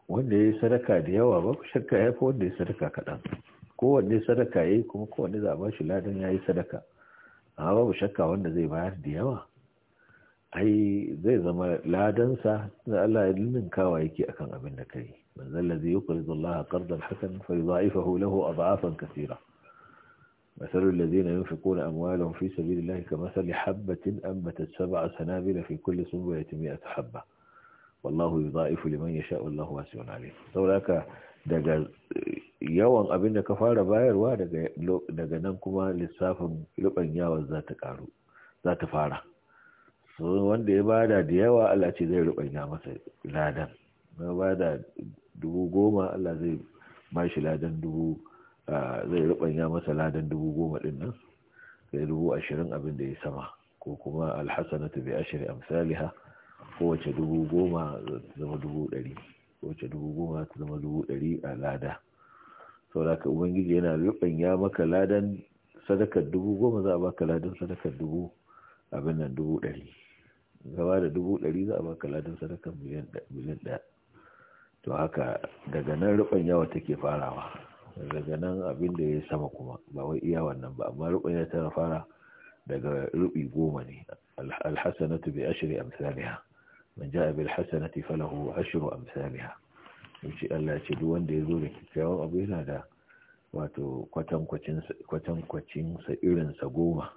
wanda ya yi sadaka da yawa ba ku shakka ya fi wanda ya sadaka kaɗan kowanne sadaka ya yi kuma kowanne za a ba shi ladan ya yi sadaka amma babu shakka wanda zai bayar da yawa ai zai zama ladansa da Allah ya yake akan abin da kayi man zalla zai yukuri zullaha kardar hakan fa yi za'ifahu lahu a za'afan kasira masaru lalzai na yin fiko da amwalon fi sabi da lahi ka masali habbatin an bata saba a sanabi da sun bai ta ta habba wallahu yi za'ifu liman ya sha wallahu wa siyo sauraka daga yawan abin da ka fara bayarwa daga nan kuma lissafin luɓanyawar za ta za ta fara wanda ya bada da yawa Allah ce zai rubanya masa ladan na bada dubu goma Allah zai bashi ladan dubu zai rubanya masa ladan dubu goma din nan sai dubu ashirin abin da ya sama ko kuma alhassanatu bi ashirin amsaliha kowace dubu goma zama dubu ɗari kowace dubu goma ta zama dubu ɗari a lada sauraka ubangiji yana rubanya maka ladan sadakar dubu goma za a baka ladan sadakar dubu abin nan dubu ɗari gaba da dubu ɗari za a baka ladan sadaka miliyan ɗaya to haka daga nan rufin yawa take farawa daga nan abin da ya sama kuma ba wai iya wannan ba amma rufin ya tara fara daga rubi goma ne alhassanatu bi ashri amsalha man ja'a bil hasanati falahu ashru amsalha shi Allah ce duk wanda ya zo da kyakkyawan abu yana da wato kwatankwacin sa irin sa goma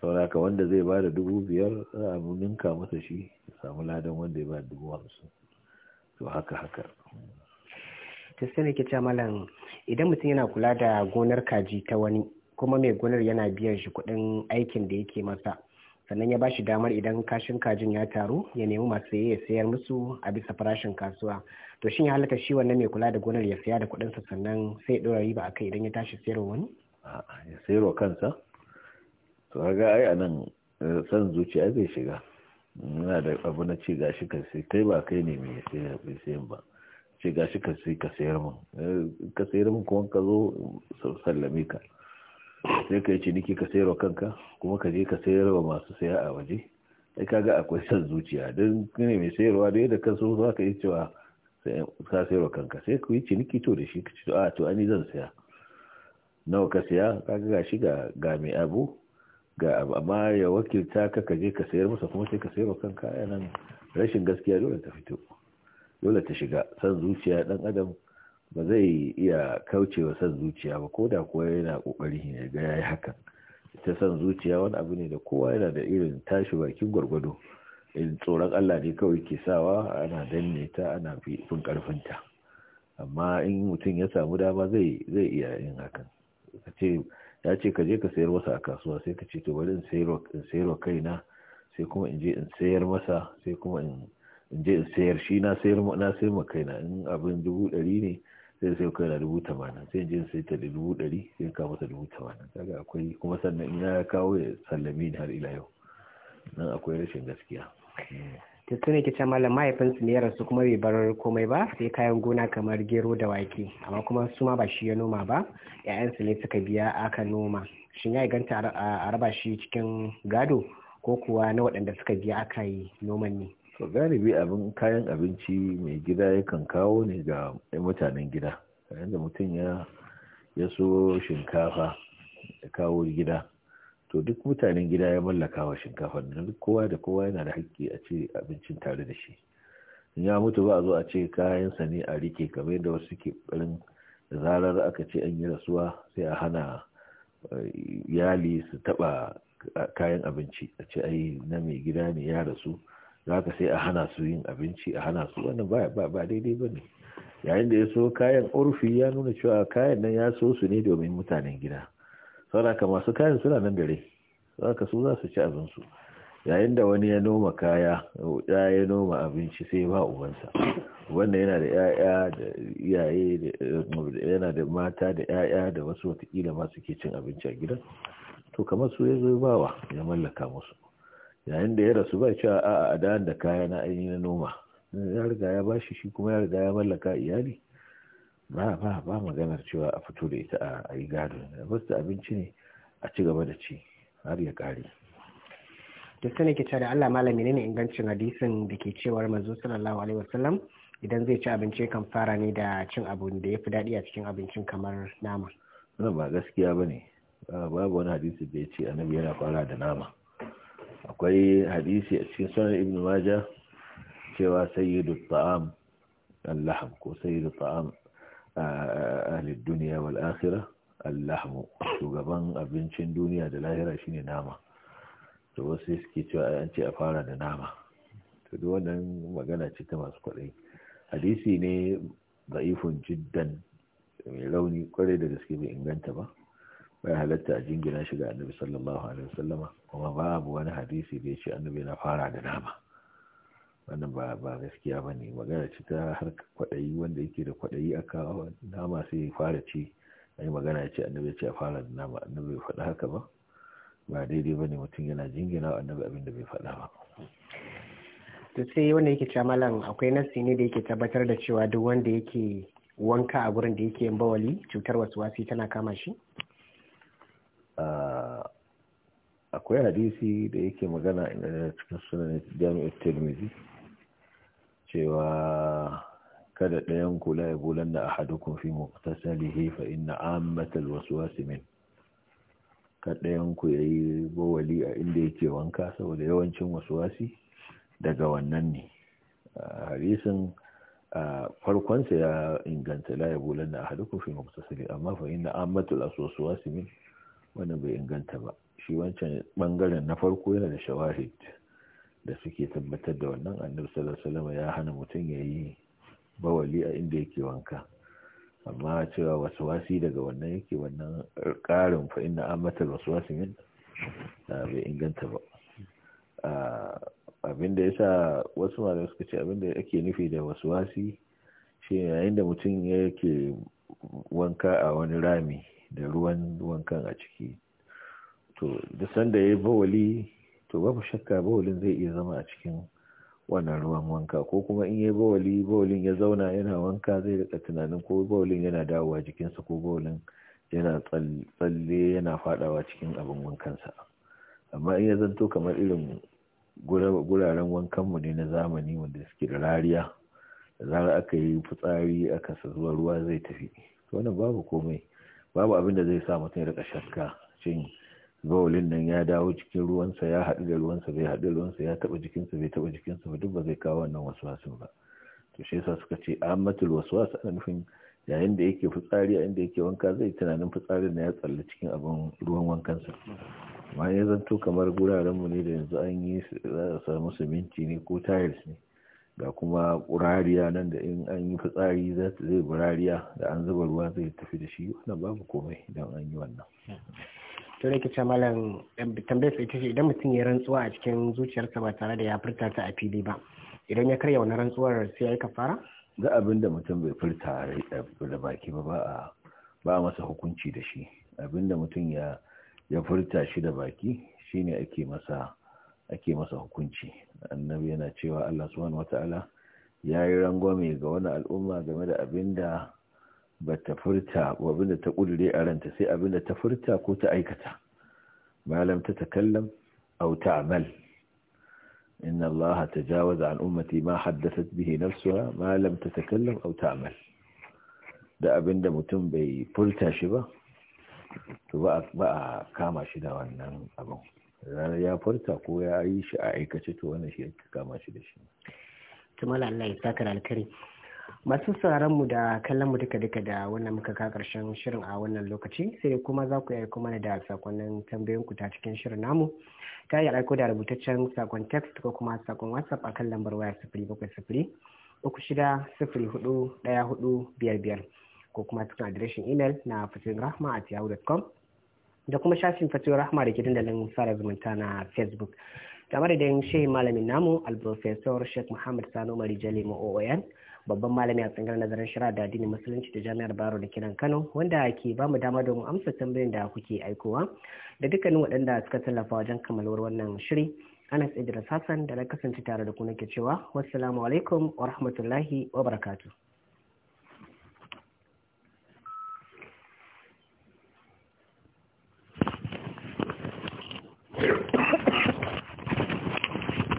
ka wanda zai ba da dubu biyar za a ninka masa shi ya samu ladan wanda ya ba da dubu hamsin to haka haka ta sani ke cewa malam idan mutum yana kula da gonar kaji ta wani kuma mai gonar yana biyan shi kuɗin aikin da yake masa sannan ya ba shi damar idan kashin kajin ya taru ya nemi masu saye ya sayar musu a bisa farashin kasuwa to shin ya halatta shi wannan mai kula da gonar ya saya da kuɗinsa sannan sai ya ɗora riba a kai idan ya tashi sayarwa wani ya sayarwa kansa to ga ai nan eh, san zuciya zai shiga yana da abu na ci gashi ka sai kai ba kai ne mai sayan ba ce gashi ka sai ka sayar min eh, ka sayar min kuma ka zo sallame ka sai ka ce ciniki ka sayar wa kanka kuma ka je ka sayar wa masu saya a waje sai kaga akwai san zuciya don ne mai sayarwa da yadda kan so za ka yi cewa ka wa kanka sai ku yi ciniki to da shi ka ci a to ani zan saya nawa ka saya kaga gashi ga ga mai abu ga amma ya wakilta ka ka je ka sayar masa kuma sai ka sayar wa kaya nan rashin gaskiya dole ta fito dole ta shiga san zuciya dan adam ba zai iya kaucewa san zuciya ba ko da kuwa yana kokari ne ga yayi hakan ta san zuciya wani abu ne da kowa yana da irin tashi bakin gwargwado in tsoron Allah ne kawai ke sawa ana danne ta ana fin ta amma in mutum ya samu dama zai zai iya yin hakan ce ya ce ka je ka sayar masa a kasuwa sai ka ce to bari in sayar kaina sai kuma in je in sayar masa sai kuma in je in sayar shi na sayar na sayar ma kaina in abin dubu ɗari ne sai sai kaina dubu tamanin sai in je in sayar ta da dubu ɗari sai in kawo masa dubu tamanin kaga akwai kuma sannan in ya kawo ya sallame ni har ila yau nan akwai rashin gaskiya. ta su ke malam mahaifinsu ne ya rasu kuma bai bar komai ba sai kayan gona kamar gero da wake amma kuma su ma ba shi ya noma ba ƴaƴansu ne suka biya aka noma shin ya ganta a raba shi cikin gado ko kuwa na waɗanda suka biya aka yi noman ne to galibi abin kayan abinci mai gida yakan kawo ne ga mutanen gida yayin da mutum ya ya so shinkafa ya kawo gida to duk mutanen gida ya mallaka wa shinkafa nan duk kowa da kowa yana da haƙƙi a ce abincin tare da shi in ya mutu ba a zo a ce kayansa ne a rike kamar yadda wasu ke barin zarar aka ce an yi rasuwa sai a hana eh, yali su taba kayan abinci a ce ai na mai gida ne ya rasu za ka sai a hana su yin abinci a hana su wannan ba ba daidai ba ne yayin da ya so kayan urfi ya nuna cewa kayan nan ya so su ne domin mutanen gida sauraka masu kayan suna nan gare sauraka su za su ci abinsu yayin da wani ya noma kaya ya ya noma abinci sai ba ubansa wannan yana da yaya da iyaye yana da mata da yaya da wasu watakila ma suke cin abinci a gidan to kamar su ya zo bawa ya mallaka musu yayin da ya rasu ba cewa a'a a da kaya na ainihin noma ya riga ya bashi shi kuma ya riga ya mallaka iyali ba ba ba maganar cewa a fito da ita a yi gado basu abinci ne a ci gaba da ci har ya kare da sani ke cewa da Allah malami ne ingancin hadisin da ke cewar manzo sallallahu alaihi wasallam idan zai ci abinci kan fara ne da cin abu da ya fi daɗi a cikin abincin kamar nama wannan ba gaskiya ba ne babu wani hadisi da ya ce annabi yana fara da nama akwai hadisi a cikin sunan ibn maja cewa sayyidu ta'am al-lahm ko sayyidu ta'am ahli duniya wal akhirah allahmu shugaban abincin duniya da lahira shine nama to wasu suke cewa an ce a fara da nama to duk wannan magana ce ta masu kwadai hadisi ne da'ifun jiddan mai rauni kwarai da gaske bai inganta ba bai halatta a jingina shi shiga annabi sallallahu alaihi wasallama kuma babu wani hadisi da ya ce annabi na fara da nama wannan ba ba gaskiya ba magana ce ta har kwaɗayi wanda yake da kwaɗayi aka nama sai ya fara ci a magana ce annabi ce a fara da nama annabi bai faɗa haka ba ba daidai ba mutum yana jingina annabi abin da bai faɗa ba to sai wanda yake cewa malam akwai nasi ne da yake tabbatar da cewa duk wanda yake wanka a gurin da yake yin bawali cutar waswasi tana kama shi akwai hadisi da yake magana eh, cikin sunan jami'ar tirmidhi cewa kada ɗayan kula ya bulan da kun fi muqtasalihi fa inna ammatal waswasi min ka ɗayan ku yayi bawali a inda yake wanka saboda yawancin waswasi daga wannan ne hadisin farkonsa ya inganta la ya bulan da kun fi muqtasalihi amma fa inna ammatal waswasi min wannan bai inganta ba shi wancan ɓangaren na farko yana da shawahid da suke tabbatar da wannan annabi sallallahu alaihi wasallam ya hana mutum yayi yi bawali a inda yake wanka amma cewa wasu wasi daga wannan yake wannan ƙarin fa inna ammatal wasu wasi min bai inganta ba abinda yasa wasu ma suka ce abinda ake nufi da wasu wasi shi yayin da mutum yake wanka a wani rami da ruwan wankan a ciki to da sanda ya yi bawali to babu shakka bawalin zai iya zama a cikin wannan ruwan wanka ko kuma in yi bawali bawalin ya zauna yana wanka zai rika tunanin ko bawalin yana dawowa jikinsa ko bawalin yana tsalle yana fadawa cikin abin wankansa amma in ya zanto kamar irin guraren wankanmu ne na zamani wanda suke da rariya da zarar aka yi fitsari aka zuwa ruwa zai tafi wannan babu komai babu abin da zai sa mutum ya rika shakka cin bawulin nan ya dawo cikin ruwansa ya haɗu da ruwansa bai haɗu da ruwansa ya taɓa jikinsa bai taɓa jikinsa ba duk ba zai kawo wannan waswasin ba to shi yasa suka ce ahmadul waswas ana nufin yayin da yake fitsari yayin da yake wanka zai tunanin fitsarin na ya tsalle cikin abin ruwan wankansa amma ya zanto kamar mu ne da yanzu an yi za samu siminti ne ko tiles ne ga kuma rariya nan da in an yi fitsari zai burariya da an zuba ruwa zai tafi da shi wannan babu komai idan an yi wannan to ne ce malam tambayar sai ce idan mutum ya rantsuwa a cikin zuciyarsa ba tare da ya furta ta a fili ba idan ya karya wani rantsuwar sai ya yi kafara ga abin da mutum bai furta eh, da baki ba ba a masa hukunci da shi abin da mutum ya furta shi da baki shine ake masa ake masa hukunci annabi yana cewa Allah subhanahu wataala ya yi rangwame ga wani al'umma game da abin da ba ta furta abin da ta ƙudure a ranta sai abin da ta furta ko ta aikata malam ta takallam au ta'mal inna allaha tajawaza an ummati ma haddathat bihi nafsuha ta ta tatakallam aw ta'mal da abinda mutum bai furta shi ba to ba a kama shi da wannan abin ranar ya furta ko ya yi shi a aikace to wannan shi ya kama shi da shi tumala Allah ya saka alkari masu mu da kallon mu duka duka da wannan muka ka karshen shirin a wannan lokaci sai kuma za ku aiko mana da sakonnin tambayoyin ku ta cikin shirin namu ta yi aiko da rubutaccen sakon text ko kuma sakon whatsapp akan lambar waya sifiri bakwai sifiri uku shida sifiri hudu daya hudu biyar biyar ko kuma cikin adireshin imel na fatoyin rahma at yahoo.com da kuma shafin fatoyin rahma da ke dandalin sada zumunta na facebook da yin shehi malamin namu al sheikh muhammad sanu marijali ma'o'oyan oon babban malami a tsangar nazarin shirar da addinin musulunci da jami'ar baro da kiran Kano wanda ke bamu mu dama domin amsa tambayin da kuke aikowa da dukkanin waɗanda suka tallafa wajen kammalwar wannan shiri Anas Idris Hassan da na kasance tare da ku nake cewa wassalamu alaikum wa rahmatullahi wa barakatuh